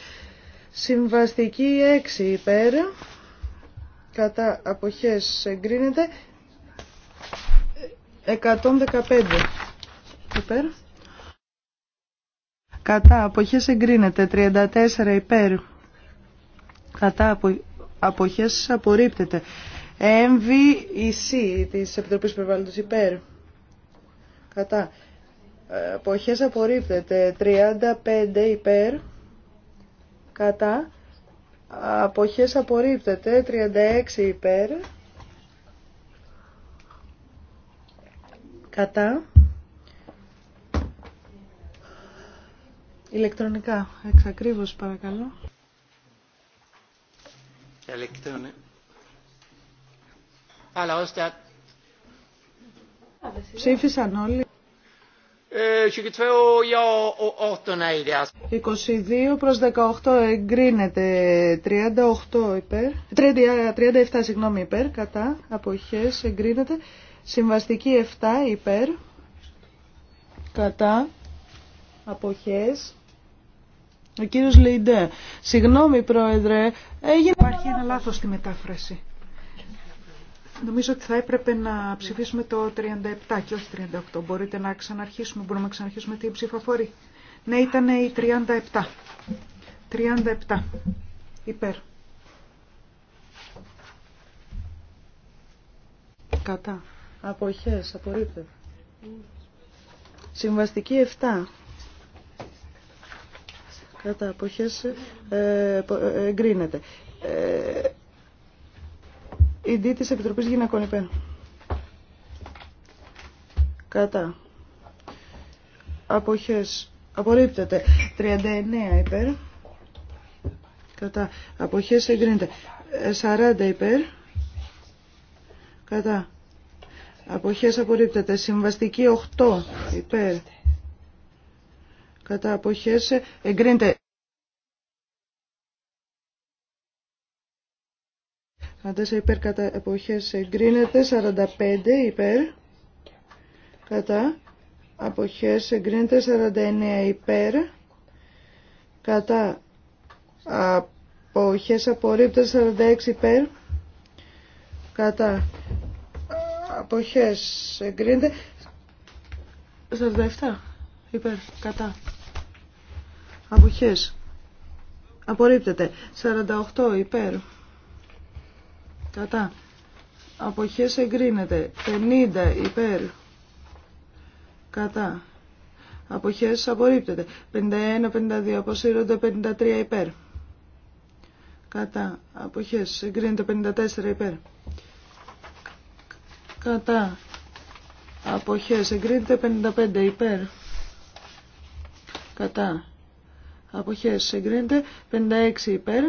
συμβαστική 6 υπέρ κατά αποχές εγκρίνεται 115 υπέρ Κατά αποχές εγκρίνεται 34 υπέρ. Κατά απο... αποχές απορρίπτεται. MVC της Επιτροπής Περιβάλλοντος υπέρ. Κατά. Αποχές απορρίπτεται 35 υπέρ. Κατά. Αποχές απορρίπτεται 36 υπέρ. Κατά. Ηλεκτρονικά, εξακρίβως παρακαλώ. Ηλεκτρονικά. Αλλά ώστε... Ψήφισαν όλοι. 22 ε, προς 18 εγκρίνεται 38 υπέρ 37 συγγνώμη υπέρ κατά αποχές εγκρίνεται συμβαστική 7 υπέρ κατά Αποχές. Ο κύριος Λιντέ. Συγγνώμη, Πρόεδρε. Έγινε... Υπάρχει ένα λάθος στη μετάφραση. Νομίζω ότι θα έπρεπε να ψηφίσουμε το 37 και όχι 38. Μπορείτε να ξαναρχίσουμε, μπορούμε να ξαναρχίσουμε την ψηφοφορή. Ναι, ήταν η 37. 37. Υπέρ. Κατά. Αποχές, απορρίπτευ. Συμβαστική 7. Ε, ε, ε, κατά αποχές εγκρίνεται. Ε, η δίτη της Επιτροπής Γυναικών υπέρ. Κατά. Αποχές. Απορρίπτεται. 39 υπέρ. Κατά. Αποχές εγκρίνεται. 40 υπέρ. Κατά. Αποχές απορρίπτεται. Συμβαστική 8 υπέρ κατά αποχές ε, εγκρίνεται. υπέρ κατά αποχές εγκρίνεται. 45 υπέρ κατά αποχές εγκρίνεται. 49 υπέρ κατά αποχές απορρίπτε 46 υπέρ κατά αποχές εγκρίνεται. 47 υπέρ κατά Αποχές. Απορρίπτεται. 48 υπέρ. Κατά. Αποχές εγκρίνεται. 50 υπέρ. Κατά. Αποχές απορρίπτεται. 51-52 αποσύρονται. 53 υπέρ. Κατά. Αποχές εγκρίνεται. 54 υπέρ. Κατά. Αποχές εγκρίνεται. 55 υπέρ. Κατά αποχές εγκρίνεται 56 υπέρ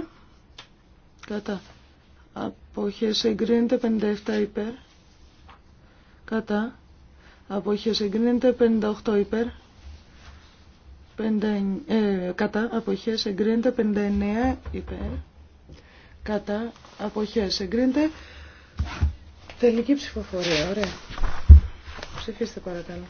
κατά αποχές εγκρίνεται 57 υπέρ κατά αποχές εγκρίνεται 58 υπέρ 59, ε, κατά αποχές εγκρίνεται 59 υπέρ κατά αποχές εγκρίνεται τελική ψηφοφορία ωραία ψηφίστε παρακαλώ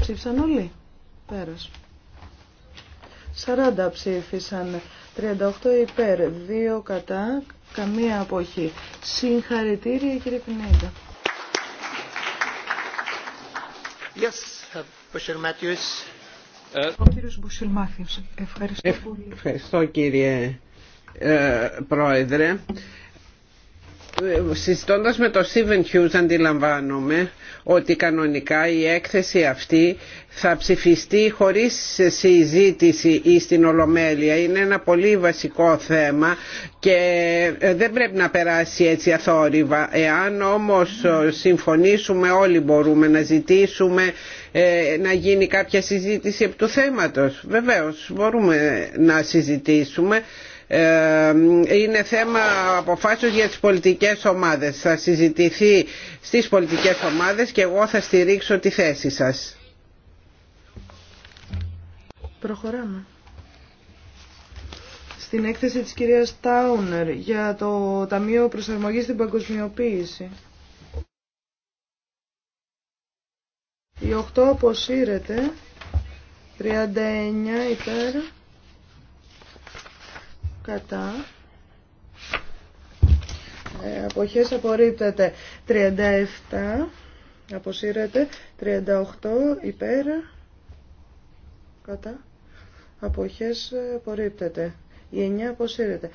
Ψήφισαν όλοι. Πέρας. 40 ψήφισαν. 38 υπέρ. 2 κατά. Καμία αποχή. Συγχαρητήρια κύριε Πινέδα. Ο ε, κύριος Μπουσιλ Ευχαριστώ ε, πολύ. Ευχαριστώ κύριε ε, Πρόεδρε συζητώντας με το Steven Χιούς αντιλαμβάνομαι ότι κανονικά η έκθεση αυτή θα ψηφιστεί χωρίς συζήτηση ή στην Ολομέλεια. Είναι ένα πολύ βασικό θέμα και ε, δεν πρέπει να περάσει έτσι αθόρυβα. Εάν όμως ε, συμφωνήσουμε όλοι μπορούμε να ζητήσουμε ε, να γίνει κάποια συζήτηση επί του θέματος. Βεβαίως μπορούμε να συζητήσουμε ε, είναι θέμα αποφάσεως για τις πολιτικές ομάδες. Θα συζητηθεί στις πολιτικές ομάδες και εγώ θα στηρίξω τη θέση σας. Προχωράμε. Στην έκθεση της κυρίας Τάουνερ για το Ταμείο Προσαρμογής στην Παγκοσμιοποίηση. Η 8 αποσύρεται. 39 υπέρ κατά ε, αποχές απορρίπτεται 37 αποσύρεται 38 υπέρ κατά αποχές απορρίπτεται η 9 αποσύρεται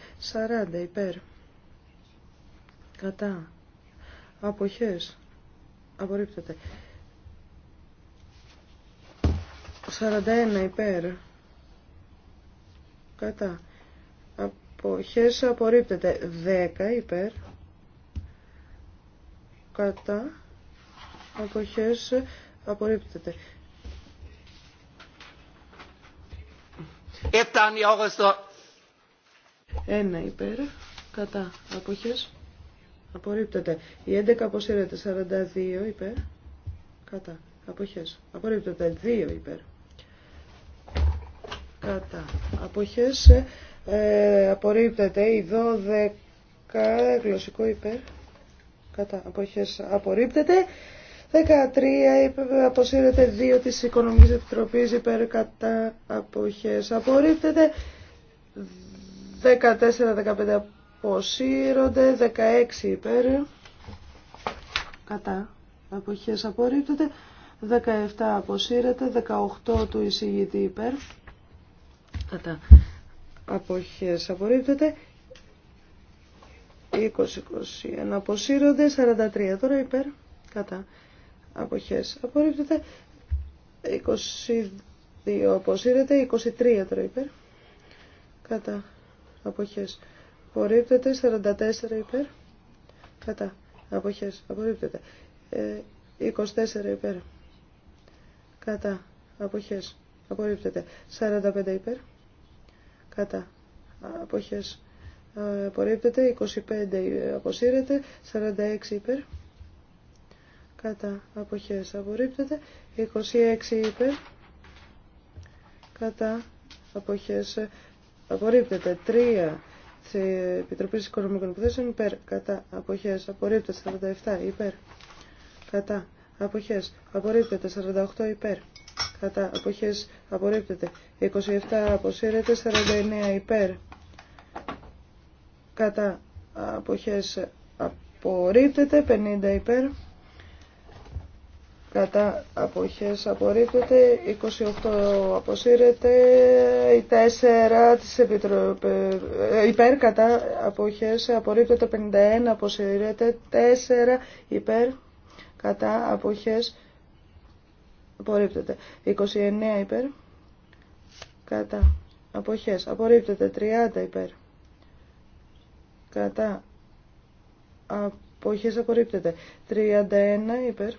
40 υπέρ κατά αποχές απορρίπτεται 41 υπέρ κατά εποχές απορρίπτεται 10 υπέρ κατά εποχές απορρίπτεται ένα υπέρ κατά εποχές απορρίπτεται η 11 αποσύρεται 42 υπέρ κατά εποχές απορρίπτεται 2 υπέρ κατά αποχές ε, απορρίπτεται η 12 γλωσσικό υπέρ κατά αποχές απορρίπτεται 13 αποσύρεται 2 της Οικονομικής Επιτροπής υπέρ κατά αποχές απορρίπτεται 14-15 αποσύρονται 16 υπέρ κατά αποχές απορρίπτεται 17 αποσύρεται 18 του εισηγητή υπέρ κατά αποχές απορρίπτεται 20-21 αποσύρονται 43 τώρα υπέρ κατά αποχές απορρίπτεται 22 αποσύρεται 23 τώρα υπέρ κατά αποχές απορρίπτεται 44 υπέρ κατά αποχές απορρίπτεται 24 ε, υπέρ κατά αποχές απορρίπτεται 45 υπέρ κατά αποχές απορρίπτεται 25 αποσύρεται 46 υπέρ κατά αποχές απορρίπτεται 26 υπέρ κατά αποχές απορρίπτεται 3 τη Επιτροπή Οικονομικών Υποθέσεων υπέρ κατά αποχές απορρίπτεται 47 υπέρ κατά αποχές απορρίπτεται 48 υπέρ κατά αποχές απορρίπτεται 27 αποσύρεται 49 υπέρ κατά αποχές απορρίπτεται 50 υπέρ κατά αποχές απορρίπτεται 28 αποσύρεται 4 της Επιτροπή ε, υπέρ κατά αποχές απορρίπτεται 51 αποσύρεται 4 υπέρ κατά αποχές απορρίπτεται. 29 υπέρ, κατά, αποχές, απορρίπτεται. 30 υπέρ, κατά, αποχές, απορρίπτεται. 31 υπέρ,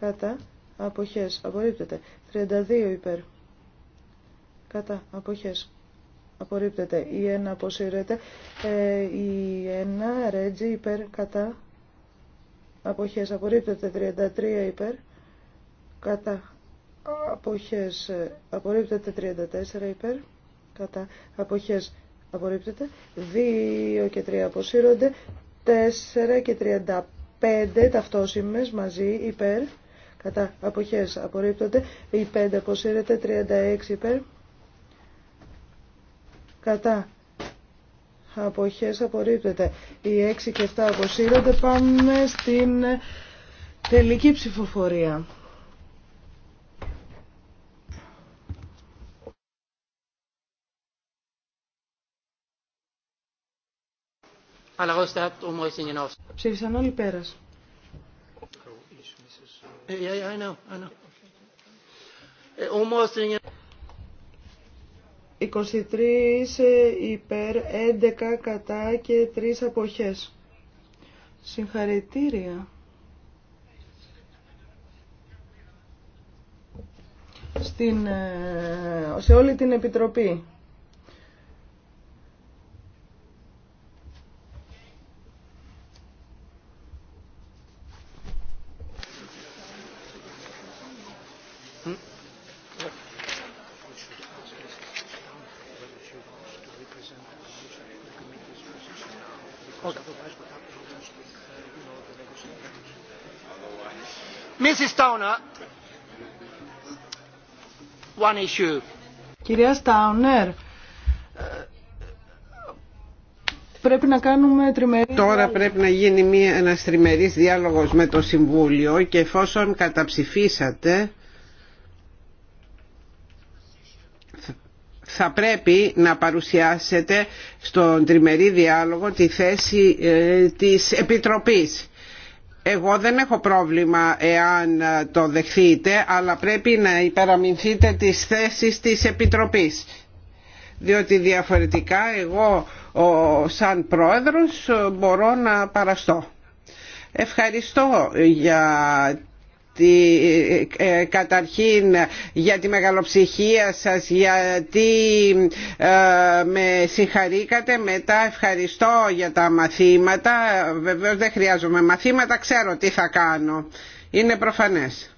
κατά, αποχές, απορρίπτεται. 32 υπέρ, κατά, αποχές, απορρίπτεται. Η 1 αποσύρεται, ε, η 1 ρέτζι υπέρ, κατά, αποχές, απορρίπτεται. 33 υπέρ, κατά αποχές ε, απορρίπτεται 34 υπέρ κατά αποχές απορρίπτεται 2 και 3 αποσύρονται 4 και 35 ταυτόσημες μαζί υπέρ κατά αποχές απορρίπτονται 5 αποσύρεται 36 υπέρ κατά αποχές απορρίπτεται οι 6 και 7 αποσύρονται πάμε στην τελική ψηφοφορία Ψήφισαν όλοι πέρας. 23 ε, ε, υπέρ, 11 κατά και 3 αποχές. Συγχαρητήρια. Στην, ε, σε όλη την Επιτροπή. Κυρία Στάουνερ, πρέπει να κάνουμε τριμερή... Τώρα πρέπει να γίνει μια, ένας τριμερής διάλογος με το Συμβούλιο και εφόσον καταψηφίσατε θα πρέπει να παρουσιάσετε στον τριμερή διάλογο τη θέση ε, της Επιτροπής εγώ δεν έχω πρόβλημα εάν ε, το δεχθείτε, αλλά πρέπει να υπεραμεινθείτε τις θέσεις της Επιτροπής. Διότι διαφορετικά εγώ ο, σαν πρόεδρος μπορώ να παραστώ. Ευχαριστώ για ε, ε, καταρχήν για τη μεγαλοψυχία σας γιατί ε, με συγχαρήκατε μετά ευχαριστώ για τα μαθήματα βεβαίως δεν χρειάζομαι μαθήματα ξέρω τι θα κάνω είναι προφανές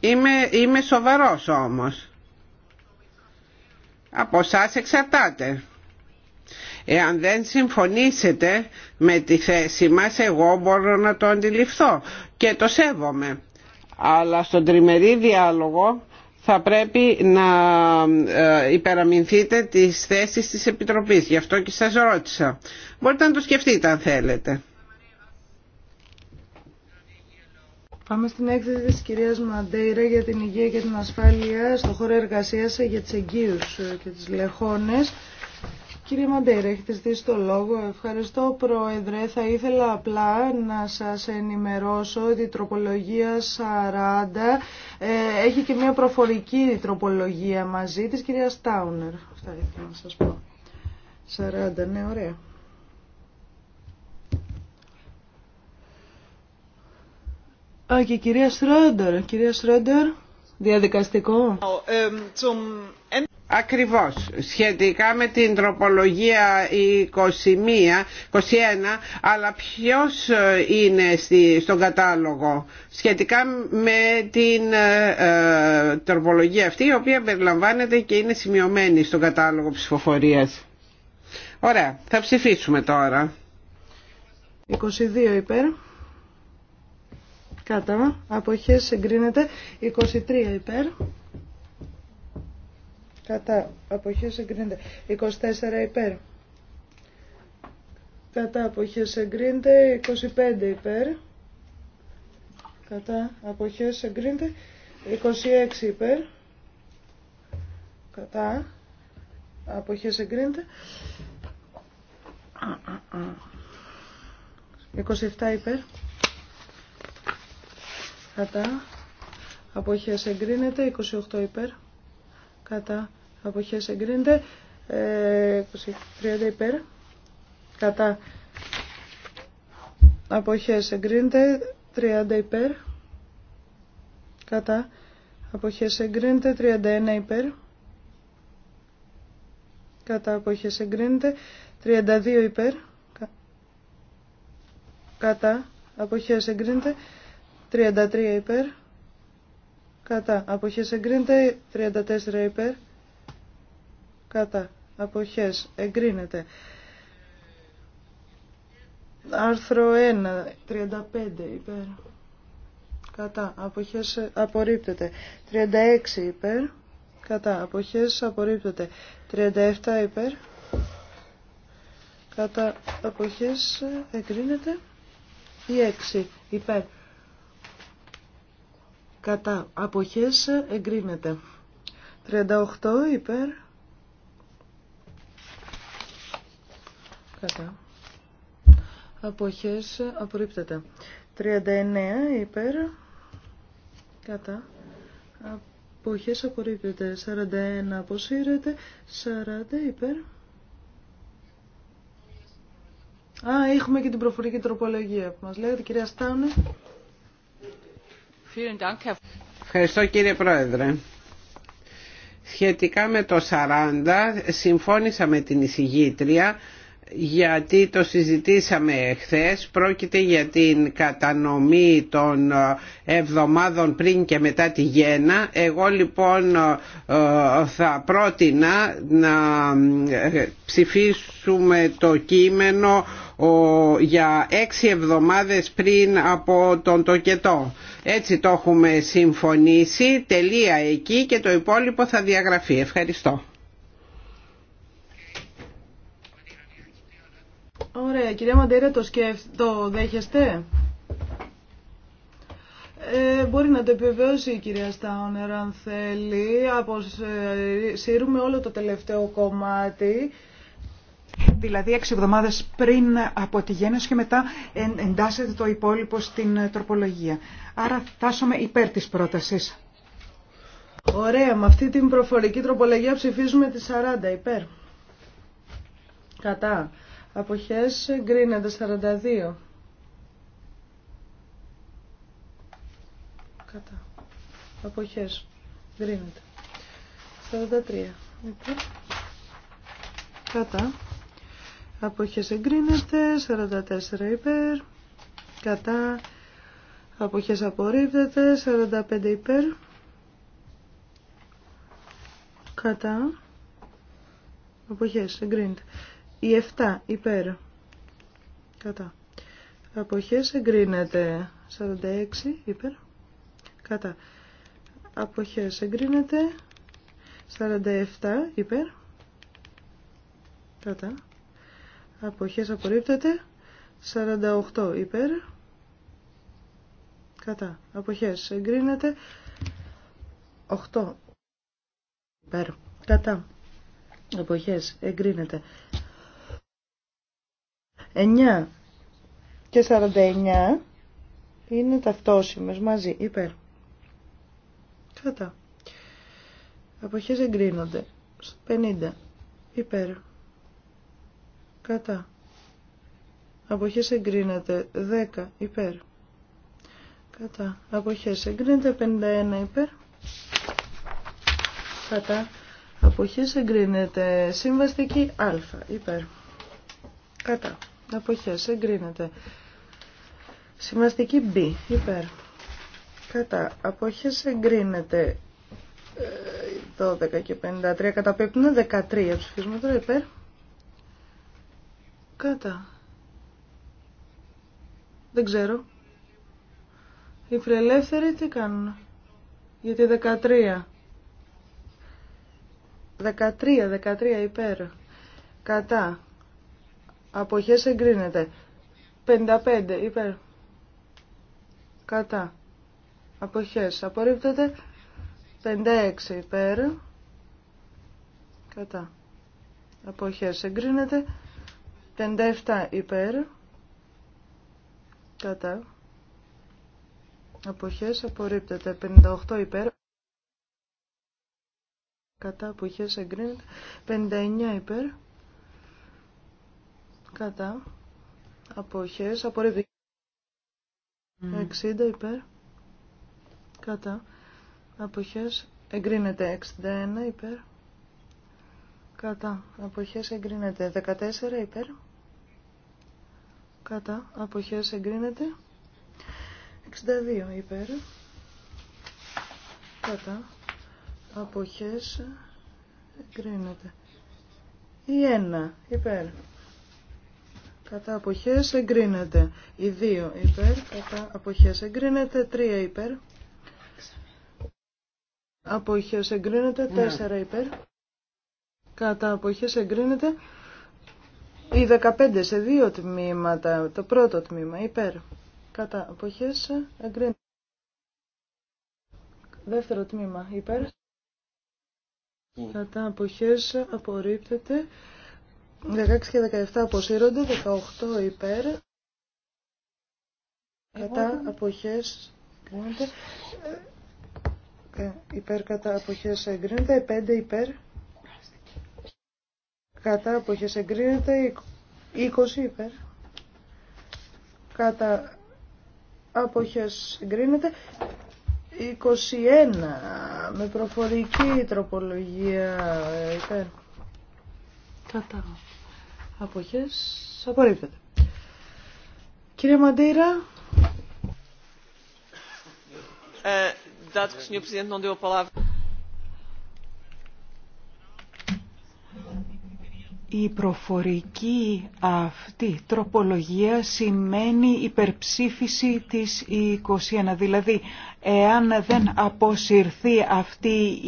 Είμαι, είμαι σοβαρός όμως. Από εσά εξαρτάται. Εάν δεν συμφωνήσετε με τη θέση μας, εγώ μπορώ να το αντιληφθώ και το σέβομαι. Αλλά στον τριμερή διάλογο θα πρέπει να ε, υπεραμεινθείτε τις θέσεις της Επιτροπής. Γι' αυτό και σας ρώτησα. Μπορείτε να το σκεφτείτε αν θέλετε. Πάμε στην έκθεση της κυρίας Μαντέιρα για την υγεία και την ασφάλεια στο χώρο εργασίας για τις εγγύους και τις λεχόνες. Κύριε Μαντέρα, έχετε στήσει το λόγο. Ευχαριστώ, Πρόεδρε. Θα ήθελα απλά να σας ενημερώσω ότι η τροπολογία 40 έχει και μια προφορική τροπολογία μαζί της κυρία Στάουνερ. Αυτά ήθελα να σας πω. 40, ναι, ωραία. Α, και η κυρία Σρόντερ. Κυρία Σρόντερ, διαδικαστικό. Oh, zum... Ακριβώς, σχετικά με την τροπολογία 21, 21 αλλά ποιος ε, είναι στον κατάλογο σχετικά με την ε, ε, τροπολογία αυτή η οποία περιλαμβάνεται και είναι σημειωμένη στον κατάλογο ψηφοφορίας. Ωραία, θα ψηφίσουμε τώρα. 22 υπέρ. Κάταμα. αποχές συγκρίνεται. 23 υπέρ. Κατά. Αποχές εγκρίνεται. 24 υπέρ. Κατά. Αποχές εγκρίνεται. 25 υπέρ. Κατά. Αποχές εγκρίνεται. 26 υπέρ. Κατά. Αποχές εγκρίνεται. 27 υπέρ. Κατά. Αποχές εγκρίνεται. 28 υπέρ κατά αποχές εγκρίνεται. 20, ε, 30 υπέρ κατά αποχές εγκρίνεται. 30 υπέρ κατά αποχές εγκρίνεται. 31 υπέρ κατά αποχές εγκρίνεται. 32 υπέρ κατά αποχές εγκρίνεται. 33 υπέρ κατά αποχές εγκρίνεται 34 υπέρ κατά αποχές εγκρίνεται άρθρο 1 35 υπέρ κατά αποχές απορρίπτεται 36 υπέρ κατά αποχές απορρίπτεται 37 υπέρ κατά αποχές εγκρίνεται ή 6 υπέρ κατά αποχές εγκρίνεται 38 υπέρ κατά αποχές απορρίπτεται 39 υπέρ κατά αποχές απορρίπτεται 41 αποσύρεται 40 υπέρ Α, έχουμε και την προφορική τροπολογία που μας λέγεται κυρία Στάουνε. Ευχαριστώ κύριε Πρόεδρε. Σχετικά με το 40 συμφώνησα με την εισηγήτρια γιατί το συζητήσαμε εχθές πρόκειται για την κατανομή των εβδομάδων πριν και μετά τη γέννα εγώ λοιπόν ε, θα πρότεινα να ε, ψηφίσουμε το κείμενο για έξι εβδομάδες πριν από τον τοκετό έτσι το έχουμε συμφωνήσει, τελεία εκεί και το υπόλοιπο θα διαγραφεί. Ευχαριστώ. Ωραία, κυρία Μαντέρα, το, σκεφ... το δέχεστε. Ε, μπορεί να το επιβεβαιώσει η κυρία Στάουνερ αν θέλει. Αποσύρουμε όλο το τελευταίο κομμάτι. Δηλαδή έξι εβδομάδες πριν από τη γέννηση και μετά εντάσσεται το υπόλοιπο στην τροπολογία. Άρα φτάσαμε υπέρ της πρότασης. Ωραία, με αυτή την προφορική τροπολογία ψηφίζουμε τη 40 υπέρ. Κατά. Αποχές εγκρίνεται 42. Κατά. Αποχές. Εγκρίνεται. 43. Υπέρ. Κατά. Αποχές εγκρίνεται. 44 υπέρ. Κατά. Αποχές απορρίπτεται. 45 υπέρ. Κατά. Αποχές εγκρίνεται. Η 7 υπέρ. Κατά. Αποχές εγκρίνεται. 46 υπέρ. Κατά. Αποχές εγκρίνεται. 47 υπέρ. Κατά. Αποχές απορρίπτεται. 48 υπέρ. Κατά. Αποχές. Εγκρίνεται. 8. Υπέρ. Κατά. Αποχές. Εγκρίνεται. 9 και 49 είναι ταυτόσιμες μαζί. Υπέρ. Κατά. Αποχές εγκρίνονται. 50. Υπέρ. Κατά. Αποχές εγκρίνεται. 10. Υπέρ. Κατά. Αποχές εγκρίνεται 51 υπέρ. Κατά. Αποχές εγκρίνεται συμβαστική α υπέρ. Κατά. Αποχές εγκρίνεται. Συμβαστική B υπέρ. Κατά. Αποχές εγκρίνεται 12 ε, και 53 καταπέπτουν 13 ψηφίσματα υπέρ. Κατά. Δεν ξέρω. Οι φιλελεύθεροι τι κάνουν. Γιατί 13. 13, 13 υπέρ. Κατά. Αποχές εγκρίνεται. 55 υπέρ. Κατά. Αποχές. Απορρίπτεται. 56 υπέρ. Κατά. Αποχές εγκρίνεται. 57 υπέρ. Κατά αποχές απορρίπτεται 58 υπέρ κατά αποχές εγκρίνεται 59 υπέρ κατά αποχές απορρίπτεται 60 υπέρ κατά αποχές εγκρίνεται 61 υπέρ κατά αποχές εγκρίνεται 14 υπέρ κατά αποχές εγκρίνεται 62 υπέρ. Κατά. Αποχές. Εγκρίνεται. Η 1 υπέρ. Κατά αποχές εγκρίνεται. Η 2 υπέρ. Κατά αποχές εγκρίνεται. 3 υπέρ. Αποχές εγκρίνεται. 4 ναι. υπέρ. Κατά αποχές εγκρίνεται. Η 15 σε δύο τμήματα. Το πρώτο τμήμα υπέρ κατά εποχές εγκρίνεται. Δεύτερο τμήμα υπέρ. Κατά εποχές απορρίπτεται. 16 και 17 αποσύρονται. 18 ε, υπέρ. Κατά αποχές εγκρίνεται. Υπέρ κατά αποχές εγκρίνεται. 5 υπέρ. Κατά αποχές εγκρίνεται. 20 υπέρ. Κατά αποχές εγκρίνεται 21 με προφορική τροπολογία ε, υπέρ κατά αποχές απορρίπτεται κύριε Μαντήρα ε, Η προφορική αυτή τροπολογία σημαίνει υπερψήφιση της 21. Δηλαδή, εάν δεν αποσυρθεί αυτή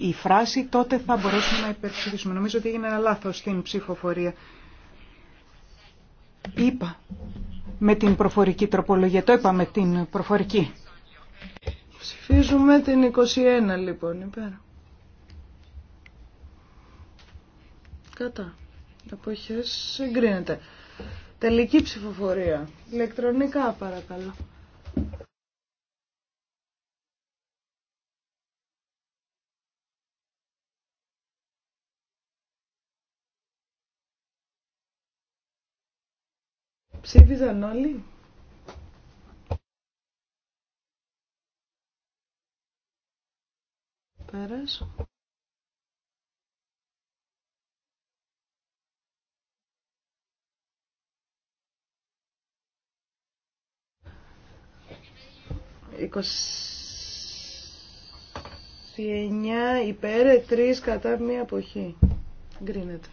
η, φράση, τότε θα μπορέσουμε να υπερψηφίσουμε. Νομίζω ότι έγινε ένα λάθος στην ψηφοφορία. Είπα με την προφορική τροπολογία. Το είπα με την προφορική. Ψηφίζουμε την 21 λοιπόν υπέρα. Κατά. Εποχέ συγκρίνεται. Τελική ψηφοφορία. Ηλεκτρονικά παρακαλώ. Ψήφιζαν όλοι. Πέρασε. 29 υπέρ, 3 κατά μία αποχή. Γκρίνεται.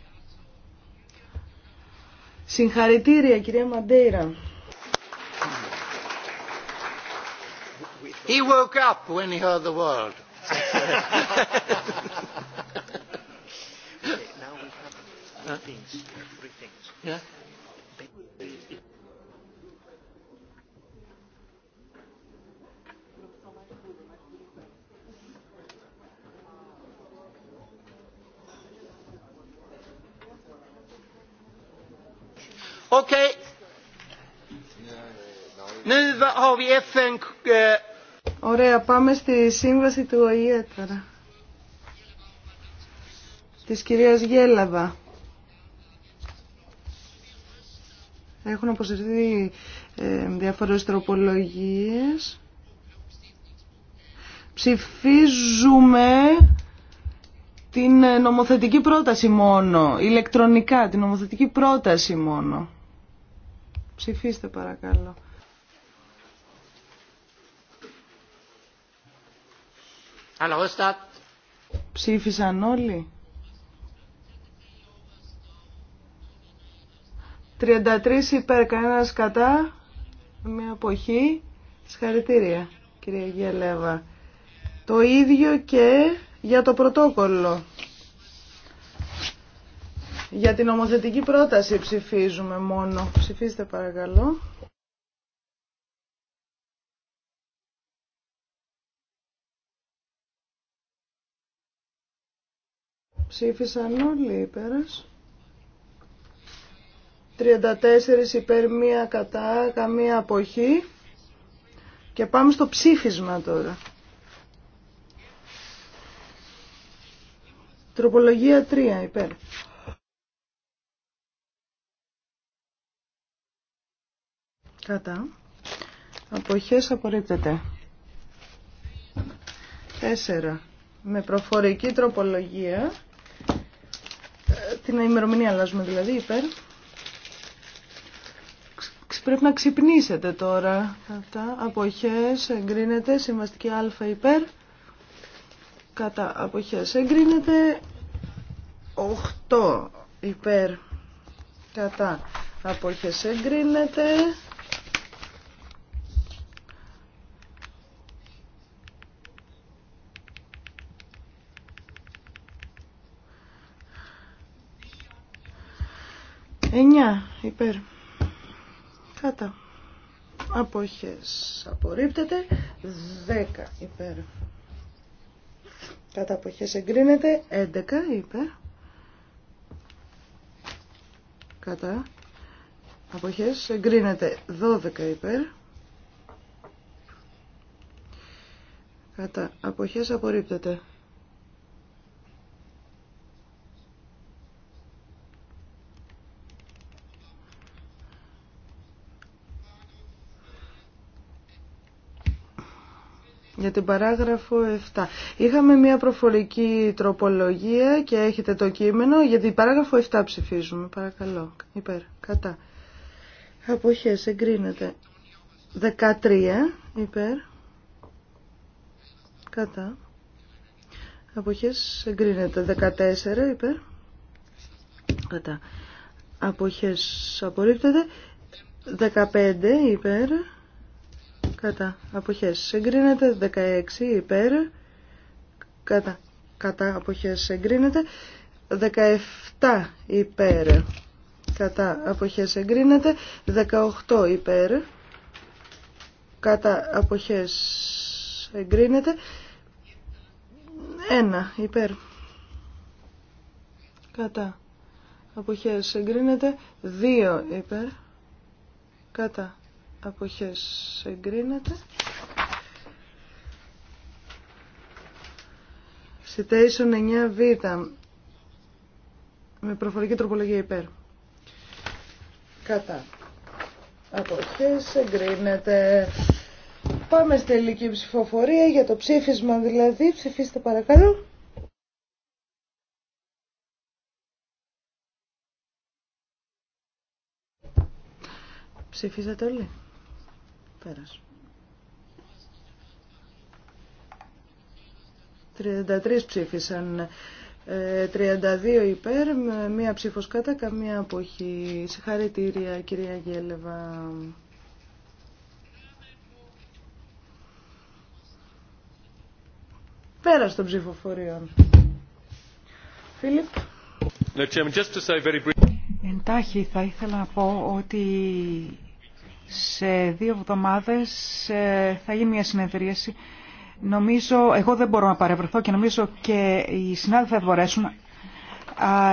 Συγχαρητήρια κυρία Μαντέιρα. He woke up when he heard the word. now we have three things. Three things. Yeah? Okej. Nu har vi Ωραία, πάμε στη σύμβαση του ΟΗΕ τώρα. Της κυρίας Γέλαβα. Έχουν αποσυρθεί ε, διάφορες τροπολογίες. Ψηφίζουμε την ε, νομοθετική πρόταση μόνο, ηλεκτρονικά, την νομοθετική πρόταση μόνο. Ψηφίστε παρακαλώ. Ψήφισαν όλοι. 33 υπέρ, κανένας κατά, μια αποχή. Συγχαρητήρια, κυρία Γελέβα. Το ίδιο και για το πρωτόκολλο. Για την νομοθετική πρόταση ψηφίζουμε μόνο. Ψηφίστε παρακαλώ. Ψήφισαν όλοι πέρας. 34 υπέρ μία κατά, καμία αποχή. Και πάμε στο ψήφισμα τώρα. Τροπολογία 3 υπέρ. Κατά. Αποχές απορρίπτεται. 4. Με προφορική τροπολογία. Ε, την ημερομηνία αλλάζουμε δηλαδή υπέρ. Πρέπει να ξυπνήσετε τώρα. Κατά. Αποχές εγκρίνεται. Συμβαστική α υπέρ. Κατά. Αποχές εγκρίνεται. 8 υπέρ. Κατά. Αποχές εγκρίνεται. 9 υπέρ κατά αποχές απορρίπτεται 10 υπέρ κατά αποχές εγκρίνεται 11 υπέρ κατά αποχές εγκρίνεται 12 υπέρ κατά αποχές απορρίπτεται για την παράγραφο 7. Είχαμε μια προφορική τροπολογία και έχετε το κείμενο. Για την παράγραφο 7 ψηφίζουμε. Παρακαλώ. Υπέρ. Κατά. Αποχές. Εγκρίνεται. 13. Υπέρ. Κατά. Αποχές. Εγκρίνεται. 14. Υπέρ. Κατά. Αποχές. Απορρίπτεται. 15. Υπέρ κατά αποχές εγκρίνεται 16 υπέρ κατά, κατά αποχές εγκρίνεται 17 υπέρ κατά αποχές εγκρίνεται 18 υπέρ κατά αποχές εγκρίνεται 1 υπέρ κατά αποχές εγκρίνεται 2 υπέρ κατά αποχές εγκρίνεται. Citation 9β με προφορική τροπολογία υπέρ. Κατά. Αποχές εγκρίνεται. Πάμε στη τελική ψηφοφορία για το ψήφισμα δηλαδή. Ψηφίστε παρακαλώ. Ψηφίσατε όλοι. Πέρας. 33 ψήφισαν. 32 ε, υπέρ, μία ψήφος κατά, καμία αποχή. Συγχαρητήρια κυρία Γέλεβα. Πέρας των ψηφοφορίων. Φίλιπ. Εντάχει θα ήθελα να πω ότι σε δύο εβδομάδες ε, θα γίνει μια συνεδρίαση. Νομίζω, εγώ δεν μπορώ να παρευρεθώ και νομίζω και οι συνάδελφοι θα μπορέσουν.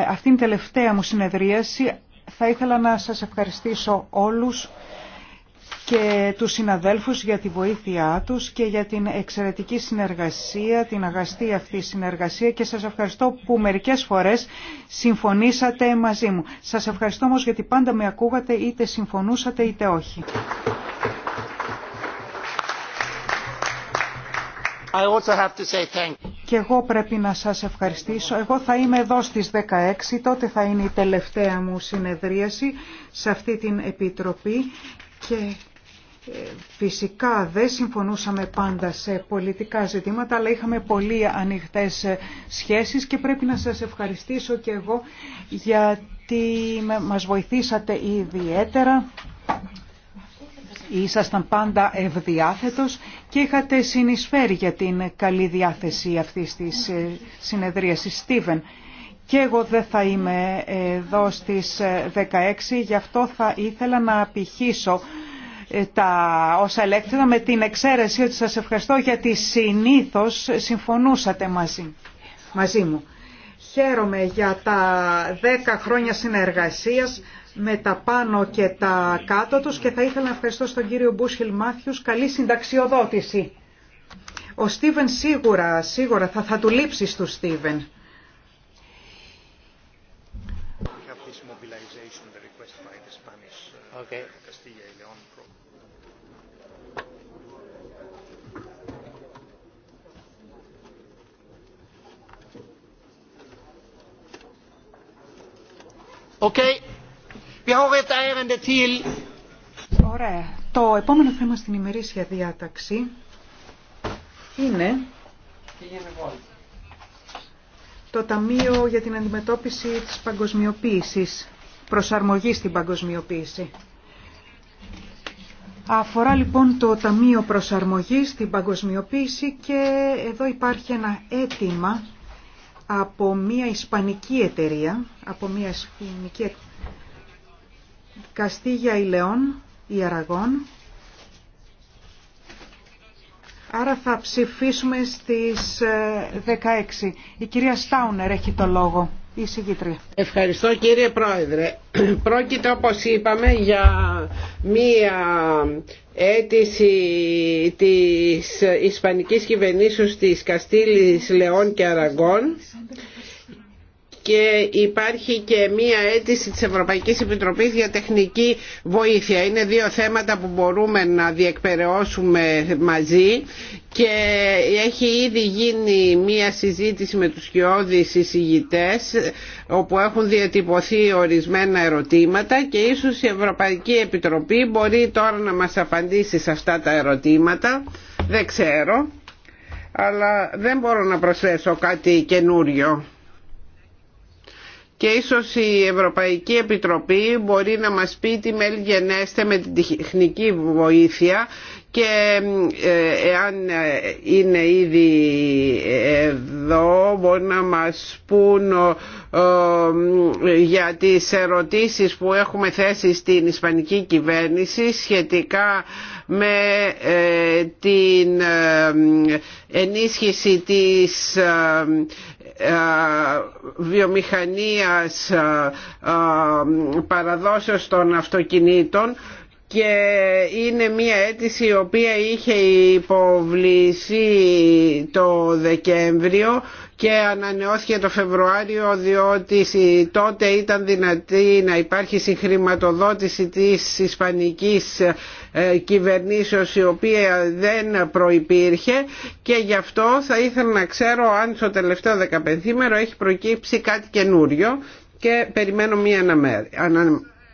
Αυτή είναι η τελευταία μου συνεδρίαση. Θα ήθελα να σας ευχαριστήσω όλους και τους συναδέλφους για τη βοήθειά τους και για την εξαιρετική συνεργασία, την αγαστή αυτή συνεργασία και σας ευχαριστώ που μερικές φορές συμφωνήσατε μαζί μου. Σας ευχαριστώ όμως γιατί πάντα με ακούγατε είτε συμφωνούσατε είτε όχι. Και εγώ πρέπει να σας ευχαριστήσω. Εγώ θα είμαι εδώ στις 16, τότε θα είναι η τελευταία μου συνεδρίαση σε αυτή την Επιτροπή και Φυσικά δεν συμφωνούσαμε πάντα σε πολιτικά ζητήματα, αλλά είχαμε πολύ ανοιχτές σχέσεις και πρέπει να σας ευχαριστήσω και εγώ γιατί μας βοηθήσατε ιδιαίτερα. Ήσασταν πάντα ευδιάθετος και είχατε συνεισφέρει για την καλή διάθεση αυτής της ε, συνεδρίασης. Στίβεν, και εγώ δεν θα είμαι εδώ στις 16, ε, γι' αυτό θα ήθελα να απηχήσω τα όσα ελέγχθηκα με την εξαίρεση ότι σας ευχαριστώ γιατί συνήθως συμφωνούσατε μαζί, μαζί μου. Χαίρομαι για τα δέκα χρόνια συνεργασίας με τα πάνω και τα κάτω τους και θα ήθελα να ευχαριστώ στον κύριο Μπούσχιλ Μάθιους καλή συνταξιοδότηση. Ο Στίβεν σίγουρα, σίγουρα θα, θα του λείψει του Στίβεν. Ωραία. Το επόμενο θέμα στην ημερήσια διάταξη είναι το Ταμείο για την Αντιμετώπιση της Παγκοσμιοποίησης, προσαρμογή στην παγκοσμιοποίηση. Αφορά λοιπόν το Ταμείο Προσαρμογής στην Παγκοσμιοποίηση και εδώ υπάρχει ένα αίτημα από μια ισπανική εταιρεία, από μια ισπανική Καστίγια Ηλεών, η Αραγών. Άρα θα ψηφίσουμε στις 16. Ε, η κυρία Στάουνερ έχει το λόγο. Ευχαριστώ κύριε Πρόεδρε. Πρόκειται όπως είπαμε για μία αίτηση της Ισπανικής κυβερνήσεως της Καστήλης Λεών και Αραγκών και υπάρχει και μία αίτηση της Ευρωπαϊκής Επιτροπής για τεχνική βοήθεια. Είναι δύο θέματα που μπορούμε να διεκπαιρεώσουμε μαζί και έχει ήδη γίνει μία συζήτηση με τους κοιόδης εισηγητές όπου έχουν διατυπωθεί ορισμένα ερωτήματα και ίσως η Ευρωπαϊκή Επιτροπή μπορεί τώρα να μας απαντήσει σε αυτά τα ερωτήματα. Δεν ξέρω, αλλά δεν μπορώ να προσθέσω κάτι καινούριο και ίσως η Ευρωπαϊκή Επιτροπή μπορεί να μας πει τι μέλη με την τεχνική βοήθεια και ε, εάν ε, είναι ήδη ε, εδώ μπορεί να μας πούν για τις ερωτήσεις που έχουμε θέσει στην Ισπανική κυβέρνηση σχετικά με την ενίσχυση της ε, βιομηχανίας ε, ε, παραδόσεως των αυτοκινήτων και είναι μια αίτηση η οποία είχε υποβληθεί το Δεκέμβριο και ανανεώθηκε το Φεβρουάριο διότι τότε ήταν δυνατή να υπάρχει συγχρηματοδότηση της Ισπανικής ε, κυβερνήσεως η οποία δεν προϋπήρχε και γι' αυτό θα ήθελα να ξέρω αν στο τελευταίο δεκαπενθήμερο έχει προκύψει κάτι καινούριο και περιμένω μία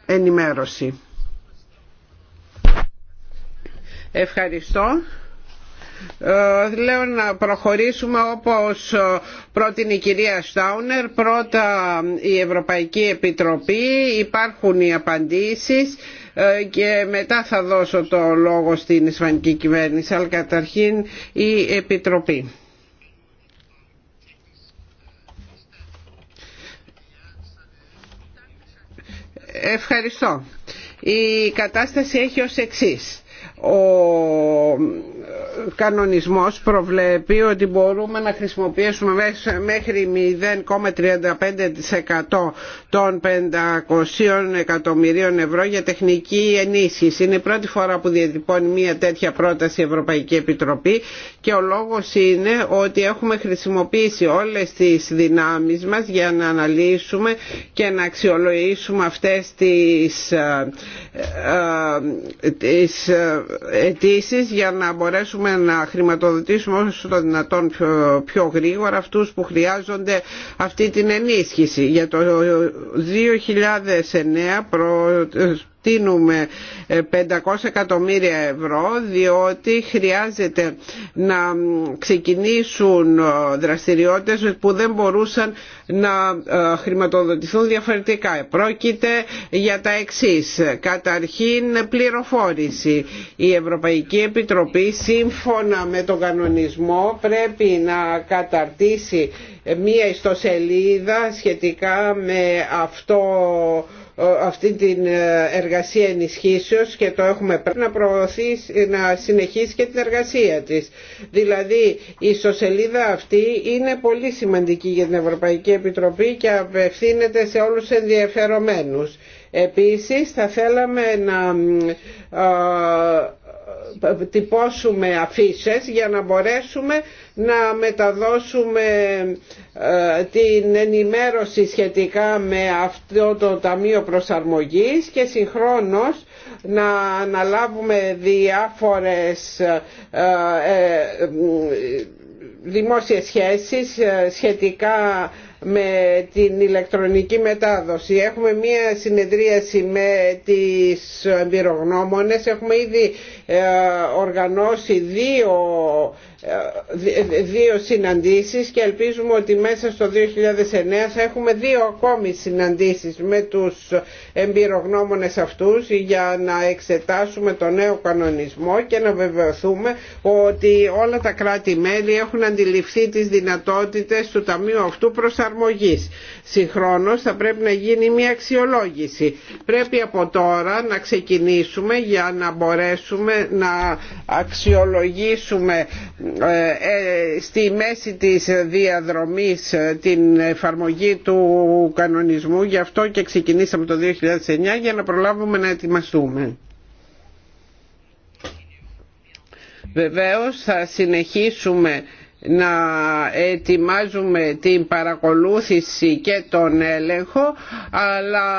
ενημέρωση. Ευχαριστώ. Ε, λέω να προχωρήσουμε όπως ε, πρότεινε η κυρία Στάουνερ πρώτα η Ευρωπαϊκή Επιτροπή υπάρχουν οι απαντήσεις ε, και μετά θα δώσω το λόγο στην Ισπανική κυβέρνηση αλλά καταρχήν η Επιτροπή Ευχαριστώ η κατάσταση έχει ως εξής ο ε, κανονισμός προβλέπει ότι μπορούμε να χρησιμοποιήσουμε μέχρι 0,35% των 500 εκατομμυρίων ευρώ για τεχνική ενίσχυση. Είναι η πρώτη φορά που διατυπώνει μια τέτοια πρόταση η Ευρωπαϊκή Επιτροπή και ο λόγος είναι ότι έχουμε χρησιμοποιήσει όλες τις δυνάμεις μας για να αναλύσουμε και να αξιολογήσουμε αυτές τις, ε, ε, τις αιτήσει για να μπορέσουμε να χρηματοδοτήσουμε όσο το δυνατόν πιο, πιο γρήγορα αυτούς που χρειάζονται αυτή την ενίσχυση. Για το 2009 τίνουμε 500 ε, εκατομμύρια ευρώ διότι χρειάζεται να ξεκινήσουν ε, δραστηριότητες που δεν μπορούσαν να ε, χρηματοδοτηθούν διαφορετικά. Πρόκειται για τα εξής. Καταρχήν πληροφόρηση. Η Ευρωπαϊκή Επιτροπή σύμφωνα με τον κανονισμό πρέπει να καταρτήσει μία ιστοσελίδα σχετικά με αυτό αυτή την ε, εργασία ενισχύσεως και το έχουμε πρέπει να, να συνεχίσει και την εργασία της. Δηλαδή η ισοσελίδα αυτή είναι πολύ σημαντική για την Ευρωπαϊκή Επιτροπή και απευθύνεται σε όλους τους ενδιαφερομένους. Επίσης θα θέλαμε να τυπώσουμε αφίσες για να μπορέσουμε να μεταδώσουμε ε, την ενημέρωση σχετικά με αυτό το Ταμείο Προσαρμογής και συγχρόνως να αναλάβουμε διάφορες ε, ε, δημόσιες σχέσεις ε, σχετικά με την ηλεκτρονική μετάδοση. Έχουμε μία συνεδρίαση με τις εμπειρογνώμονες. Έχουμε ήδη ε, οργανώσει δύο ε, δύο συναντήσεις και ελπίζουμε ότι μέσα στο 2009 θα έχουμε δύο ακόμη συναντήσεις με τους εμπειρογνώμονες αυτούς για να εξετάσουμε το νέο κανονισμό και να βεβαιωθούμε ότι όλα τα κράτη-μέλη έχουν αντιληφθεί τις δυνατότητες του Ταμείου αυτού προσαρμογής. Συγχρόνως θα πρέπει να γίνει μια αξιολόγηση. Πρέπει από τώρα να ξεκινήσουμε για να μπορέσουμε να αξιολογήσουμε ε, ε, στη μέση της διαδρομής ε, την εφαρμογή του κανονισμού γι' αυτό και ξεκινήσαμε το 2009 για να προλάβουμε να ετοιμαστούμε. Βεβαίως θα συνεχίσουμε να ετοιμάζουμε την παρακολούθηση και τον έλεγχο αλλά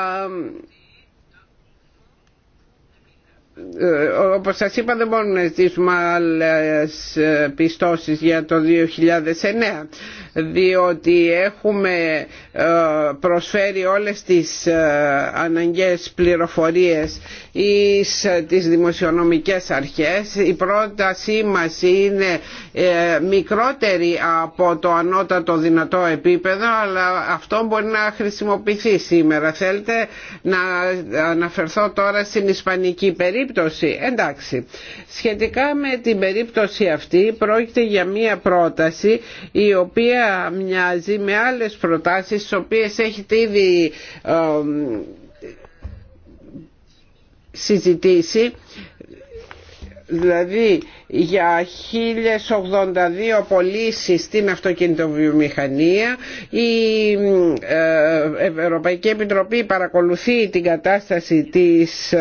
ε, όπως σας είπα δεν μπορούμε να ζητήσουμε άλλες ε, πιστώσεις για το 2009 διότι έχουμε ε, προσφέρει όλες τις ε, αναγκαίες πληροφορίες εις ε, τις δημοσιονομικές αρχές. Η πρότασή μας είναι μικρότερη από το ανώτατο δυνατό επίπεδο αλλά αυτό μπορεί να χρησιμοποιηθεί σήμερα. Θέλετε να αναφερθώ τώρα στην ισπανική περίπτωση. Εντάξει, σχετικά με την περίπτωση αυτή πρόκειται για μία πρόταση η οποία μοιάζει με άλλες προτάσεις τις οποίες έχετε ήδη συζητήσει δηλαδή για 1082 πωλήσει στην αυτοκινητοβιομηχανία. Η ε, Ευρωπαϊκή Επιτροπή παρακολουθεί την κατάσταση της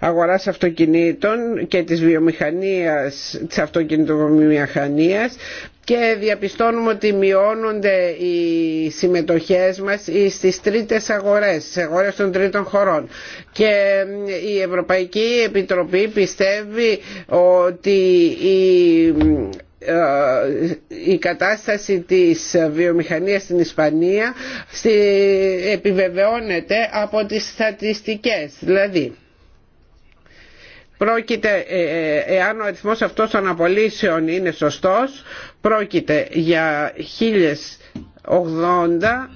αγοράς αυτοκινήτων και της βιομηχανίας, της αυτοκινητοβιομηχανίας και διαπιστώνουμε ότι μειώνονται οι συμμετοχές μας στις τρίτες αγορές, στις αγορές των τρίτων χωρών. Και η Ευρωπαϊκή Επιτροπή πιστεύει ότι η ε, κατάσταση της βιομηχανίας στην Ισπανία επιβεβαιώνεται από τις στατιστικές. Δηλαδή, Πρόκειται, ε, ε, εάν ο αριθμός αυτός των απολύσεων είναι σωστός, πρόκειται για 1080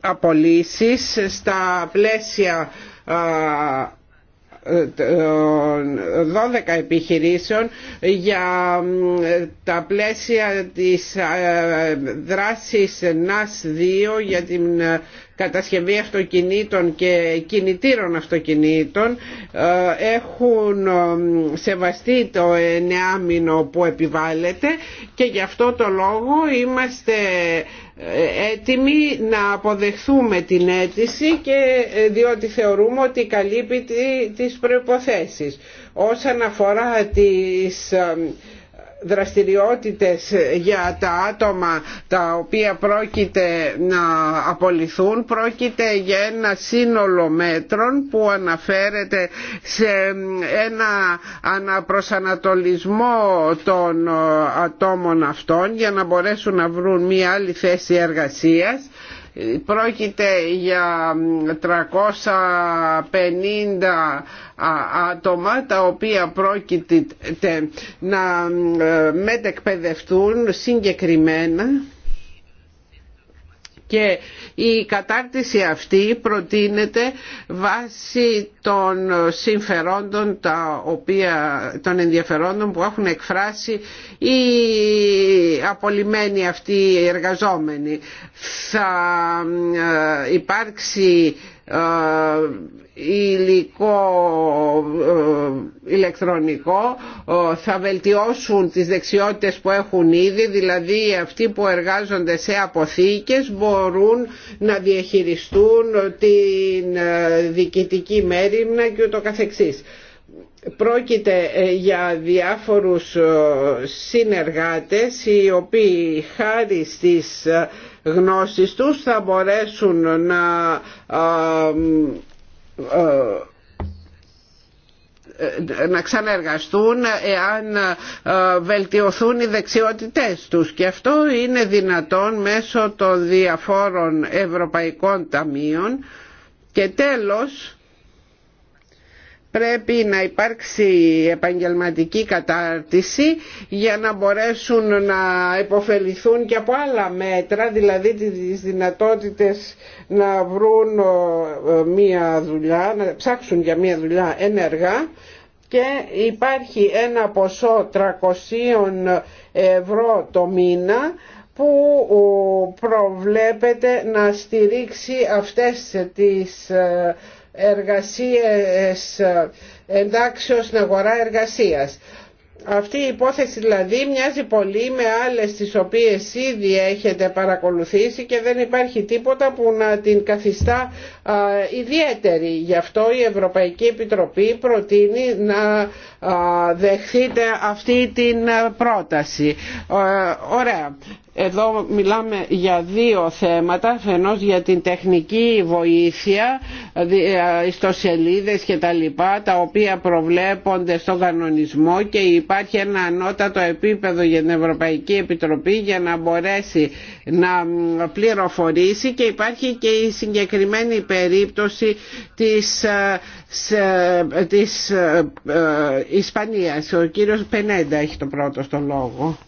απολύσεις στα πλαίσια 12 επιχειρήσεων για τα πλαίσια της ε, δράσης ΝΑΣ 2 για την ε, κατασκευή αυτοκινήτων και κινητήρων αυτοκινήτων ε, έχουν σεβαστεί το νεάμινο που επιβάλλεται και γι' αυτό το λόγο είμαστε ε, έτοιμοι να αποδεχθούμε την αίτηση και ε, διότι θεωρούμε ότι καλύπτει τις προϋποθέσεις. Όσον αφορά τις ε, δραστηριότητες για τα άτομα τα οποία πρόκειται να απολυθούν πρόκειται για ένα σύνολο μέτρων που αναφέρεται σε ένα αναπροσανατολισμό των ατόμων αυτών για να μπορέσουν να βρουν μια άλλη θέση εργασίας Πρόκειται για 350 άτομα τα οποία πρόκειται να μετεκπαιδευτούν συγκεκριμένα και η κατάρτιση αυτή προτείνεται βάσει των συμφερόντων τα οποία, των ενδιαφερόντων που έχουν εκφράσει οι απολυμμένοι αυτοί οι εργαζόμενοι. Θα ε, υπάρξει ε, υλικό ε, ηλεκτρονικό ε, θα βελτιώσουν τις δεξιότητες που έχουν ήδη δηλαδή αυτοί που εργάζονται σε αποθήκες μπορούν να διαχειριστούν την ε, διοικητική μέρημνα και ούτω καθεξής πρόκειται για διάφορους συνεργάτες οι οποίοι χάρη στις γνώσεις τους θα μπορέσουν να ε, ε, να ξαναεργαστούν εάν ε, βελτιωθούν οι δεξιότητές τους και αυτό είναι δυνατόν μέσω των διαφόρων ευρωπαϊκών ταμείων και τέλος πρέπει να υπάρξει επαγγελματική κατάρτιση για να μπορέσουν να υποφεληθούν και από άλλα μέτρα, δηλαδή τις δυνατότητες να βρουν ε, μία δουλειά, να ψάξουν για μία δουλειά ενεργά και υπάρχει ένα ποσό 300 ευρώ το μήνα που προβλέπεται να στηρίξει αυτές τις ε, εργασίες ε, εντάξεως στην αγορά εργασίας. Αυτή η υπόθεση δηλαδή μοιάζει πολύ με άλλες τις οποίες ήδη έχετε παρακολουθήσει και δεν υπάρχει τίποτα που να την καθιστά ιδιαίτερη. Γι' αυτό η Ευρωπαϊκή Επιτροπή προτείνει να δεχθείτε αυτή την ε, πρόταση. Ωραία. Εδώ μιλάμε για δύο θέματα, φενός για την τεχνική βοήθεια, ε, ιστοσελίδες και τα λοιπά, τα οποία προβλέπονται στο κανονισμό και υπάρχει ένα ανώτατο επίπεδο για την Ευρωπαϊκή Επιτροπή για να μπορέσει να πληροφορήσει και υπάρχει και η συγκεκριμένη περίπτωση της ε, ε, της ε, ε, Ισπανίας. Ο κύριος Πενέντα έχει το πρώτο στον λόγο.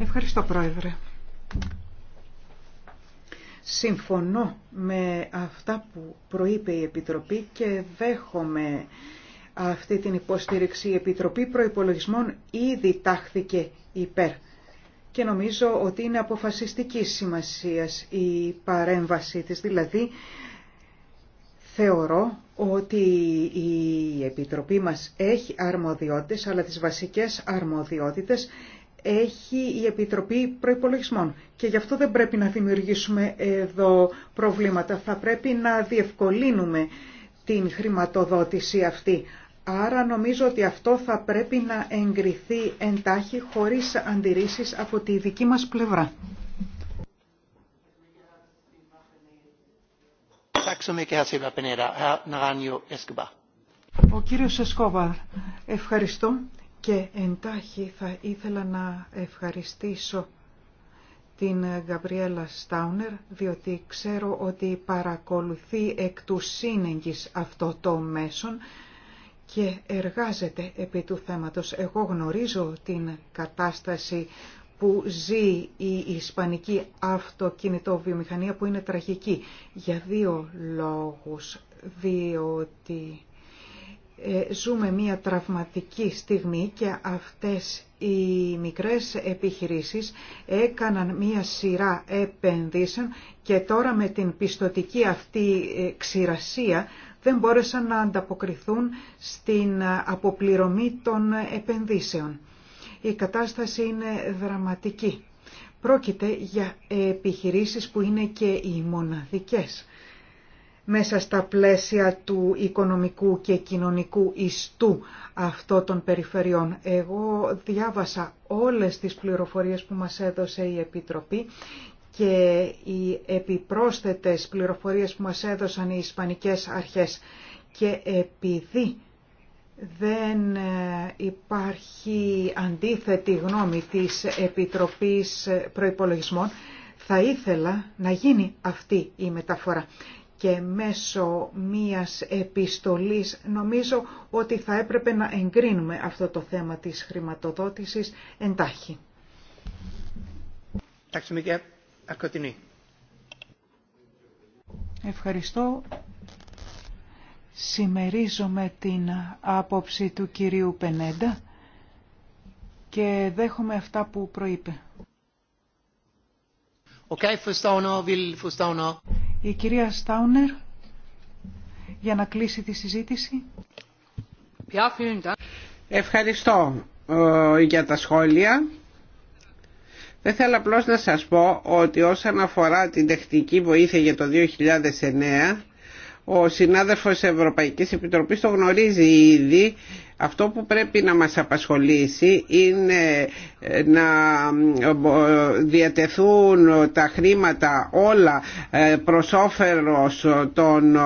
Ευχαριστώ Πρόεδρε. Συμφωνώ με αυτά που προείπε η Επιτροπή και δέχομαι αυτή την υποστήριξη. Η Επιτροπή Προϋπολογισμών ήδη τάχθηκε υπέρ και νομίζω ότι είναι αποφασιστική σημασίας η παρέμβαση της, δηλαδή Θεωρώ ότι η Επιτροπή μας έχει αρμοδιότητες, αλλά τις βασικές αρμοδιότητες έχει η Επιτροπή Προϋπολογισμών. Και γι' αυτό δεν πρέπει να δημιουργήσουμε εδώ προβλήματα. Θα πρέπει να διευκολύνουμε την χρηματοδότηση αυτή. Άρα νομίζω ότι αυτό θα πρέπει να εγκριθεί εντάχει χωρίς αντιρρήσεις από τη δική μας πλευρά. Ο κύριος Εσκόβαρ, ευχαριστώ και εντάχει θα ήθελα να ευχαριστήσω την Γκαμπριέλα Στάουνερ, διότι ξέρω ότι παρακολουθεί εκ του σύνεγγης αυτό το μέσον και εργάζεται επί του θέματος. Εγώ γνωρίζω την κατάσταση που ζει η ισπανική αυτοκινητοβιομηχανία που είναι τραγική για δύο λόγους. Διότι ε, ζούμε μία τραυματική στιγμή και αυτές οι μικρές επιχειρήσεις έκαναν μία σειρά επενδύσεων και τώρα με την πιστοτική αυτή ε, ξηρασία δεν μπόρεσαν να ανταποκριθούν στην ε, αποπληρωμή των επενδύσεων η κατάσταση είναι δραματική. Πρόκειται για επιχειρήσεις που είναι και οι μοναδικές μέσα στα πλαίσια του οικονομικού και κοινωνικού ιστού αυτών των περιφερειών. Εγώ διάβασα όλες τις πληροφορίες που μας έδωσε η Επιτροπή και οι επιπρόσθετες πληροφορίες που μας έδωσαν οι Ισπανικές αρχές και επειδή δεν ε, υπάρχει αντίθετη γνώμη της Επιτροπής Προϋπολογισμών, θα ήθελα να γίνει αυτή η μεταφορά. Και μέσω μίας επιστολής νομίζω ότι θα έπρεπε να εγκρίνουμε αυτό το θέμα της χρηματοδότησης εντάχει. Ευχαριστώ. Σημερίζομαι την άποψη του κυρίου Πενέντα και δέχομαι αυτά που προείπε. Okay, Η κυρία Στάουνερ για να κλείσει τη συζήτηση. Ευχαριστώ ε, για τα σχόλια. Δεν θέλω απλώς να σας πω ότι όσον αφορά την τεχνική βοήθεια για το 2009 ο συνάδελφος Ευρωπαϊκής Επιτροπής το γνωρίζει ήδη αυτό που πρέπει να μας απασχολήσει είναι ε, να διατεθούν τα χρήματα όλα ε, προς όφελος των ε,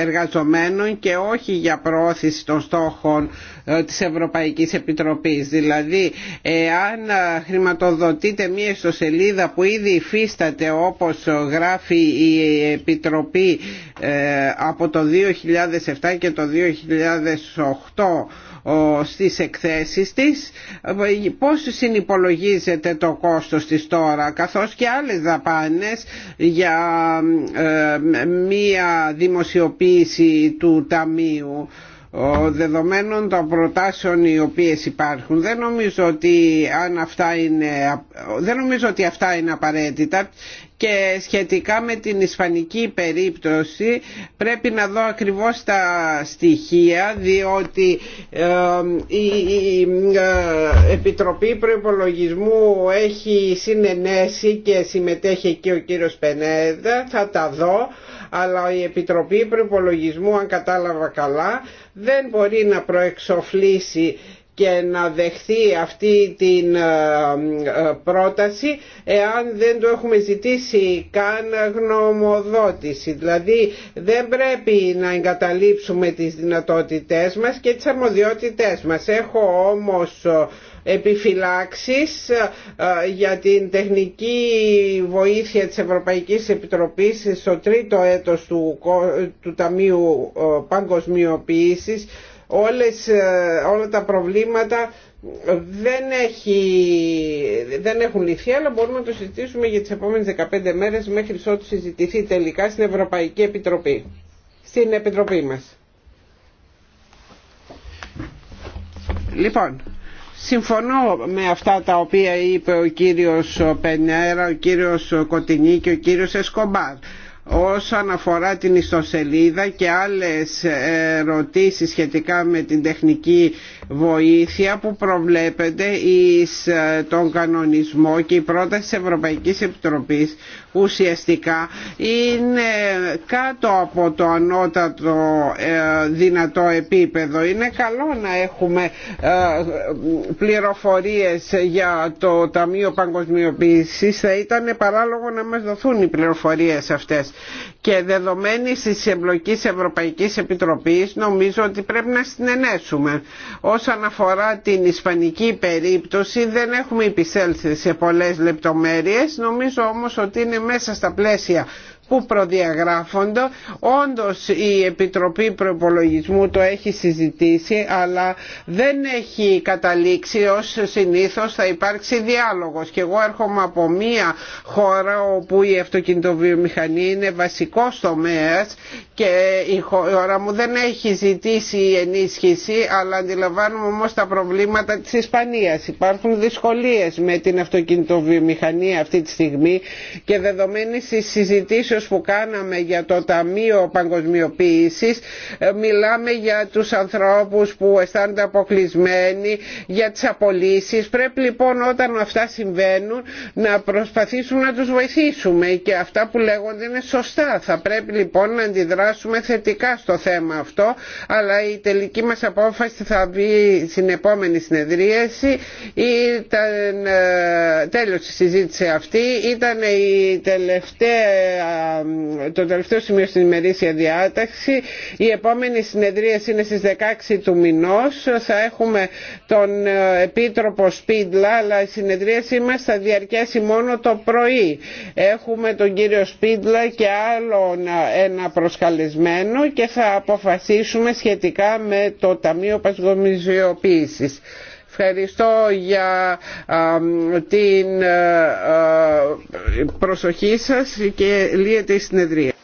εργαζομένων και όχι για προώθηση των στόχων της Ευρωπαϊκής Επιτροπής. Δηλαδή, αν χρηματοδοτείται μία ιστοσελίδα που ήδη υφίσταται όπως γράφει η Επιτροπή από το 2007 και το 2008 στις εκθέσεις της πώς συνυπολογίζεται το κόστος της τώρα καθώς και άλλες δαπάνες για ε, μία δημοσιοποίηση του Ταμείου δεδομένων των προτάσεων οι οποίες υπάρχουν δεν νομίζω ότι αν αυτά είναι δεν νομίζω ότι αυτά είναι απαραίτητα και σχετικά με την ισφανική περίπτωση πρέπει να δω ακριβώς τα στοιχεία διότι ε, η ε, Επιτροπή Προϋπολογισμού έχει συνενέσει και συμμετέχει και ο κύριος Πενέδα θα τα δω αλλά η Επιτροπή Προϋπολογισμού αν κατάλαβα καλά δεν μπορεί να προεξοφλήσει και να δεχθεί αυτή την ε, ε, πρόταση εάν δεν το έχουμε ζητήσει καν γνωμοδότηση. Δηλαδή δεν πρέπει να εγκαταλείψουμε τις δυνατότητές μας και τις αρμοδιότητές μας. Έχω όμως ε, επιφυλάξεις για την τεχνική βοήθεια της Ευρωπαϊκής Επιτροπής στο τρίτο έτος του, του Ταμείου Παγκοσμιοποίησης όλες, ε, όλα τα προβλήματα δεν, έχει, δεν έχουν λυθεί αλλά μπορούμε να το συζητήσουμε για τις επόμενες 15 μέρες μέχρι ότου συζητηθεί τελικά στην Ευρωπαϊκή Επιτροπή στην Επιτροπή μας Λοιπόν, συμφωνώ με αυτά τα οποία είπε ο κύριος Πενέρα, ο κύριος Κοτινή και ο κύριος Εσκομπάρ όσον αφορά την ιστοσελίδα και άλλες ερωτήσεις σχετικά με την τεχνική βοήθεια που προβλέπεται εις τον κανονισμό και η πρόταση της Ευρωπαϊκής Επιτροπής ουσιαστικά είναι κάτω από το ανώτατο ε, δυνατό επίπεδο. Είναι καλό να έχουμε ε, πληροφορίες για το Ταμείο Παγκοσμιοποίησης. Θα ήταν παράλογο να μας δοθούν οι πληροφορίες αυτές. Και δεδομένη της εμπλοκή Ευρωπαϊκής Επιτροπής νομίζω ότι πρέπει να συνενέσουμε. Όσον αφορά την ισπανική περίπτωση δεν έχουμε επισέλθει σε πολλέ λεπτομέρειε. Νομίζω όμως ότι είναι μέσα στα πλαίσια που προδιαγράφονται. Όντως η Επιτροπή Προπολογισμού το έχει συζητήσει αλλά δεν έχει καταλήξει ως συνήθως θα υπάρξει διάλογος και εγώ έρχομαι από μία χώρα όπου η αυτοκινητοβιομηχανία είναι βασικός τομέας και η χώρα μου δεν έχει ζητήσει ενίσχυση αλλά αντιλαμβάνουμε όμως τα προβλήματα της Ισπανίας. Υπάρχουν δυσκολίες με την αυτοκινητοβιομηχανία αυτή τη στιγμή και δεδομένης που κάναμε για το Ταμείο Παγκοσμιοποίησης ε, μιλάμε για τους ανθρώπους που αισθάνονται αποκλεισμένοι, για τις απολύσεις. Πρέπει λοιπόν όταν αυτά συμβαίνουν να προσπαθήσουμε να τους βοηθήσουμε και αυτά που λέγονται είναι σωστά. Θα πρέπει λοιπόν να αντιδράσουμε θετικά στο θέμα αυτό αλλά η τελική μας απόφαση θα βγει στην επόμενη συνεδρίαση. Ήταν, ε, τέλος η συζήτηση αυτή. Ήταν η τελευταία το τελευταίο σημείο στην ημερήσια διάταξη. Η επόμενη συνεδρία είναι στις 16 του μηνός. Θα έχουμε τον ε, Επίτροπο Σπίτλα, αλλά η συνεδρία μας θα διαρκέσει μόνο το πρωί. Έχουμε τον κύριο Σπίτλα και άλλον ε, ένα προσκαλεσμένο και θα αποφασίσουμε σχετικά με το Ταμείο Πασγομιζιοποίησης ευχαριστώ για την προσοχή σας και λύεται η συνεδρία.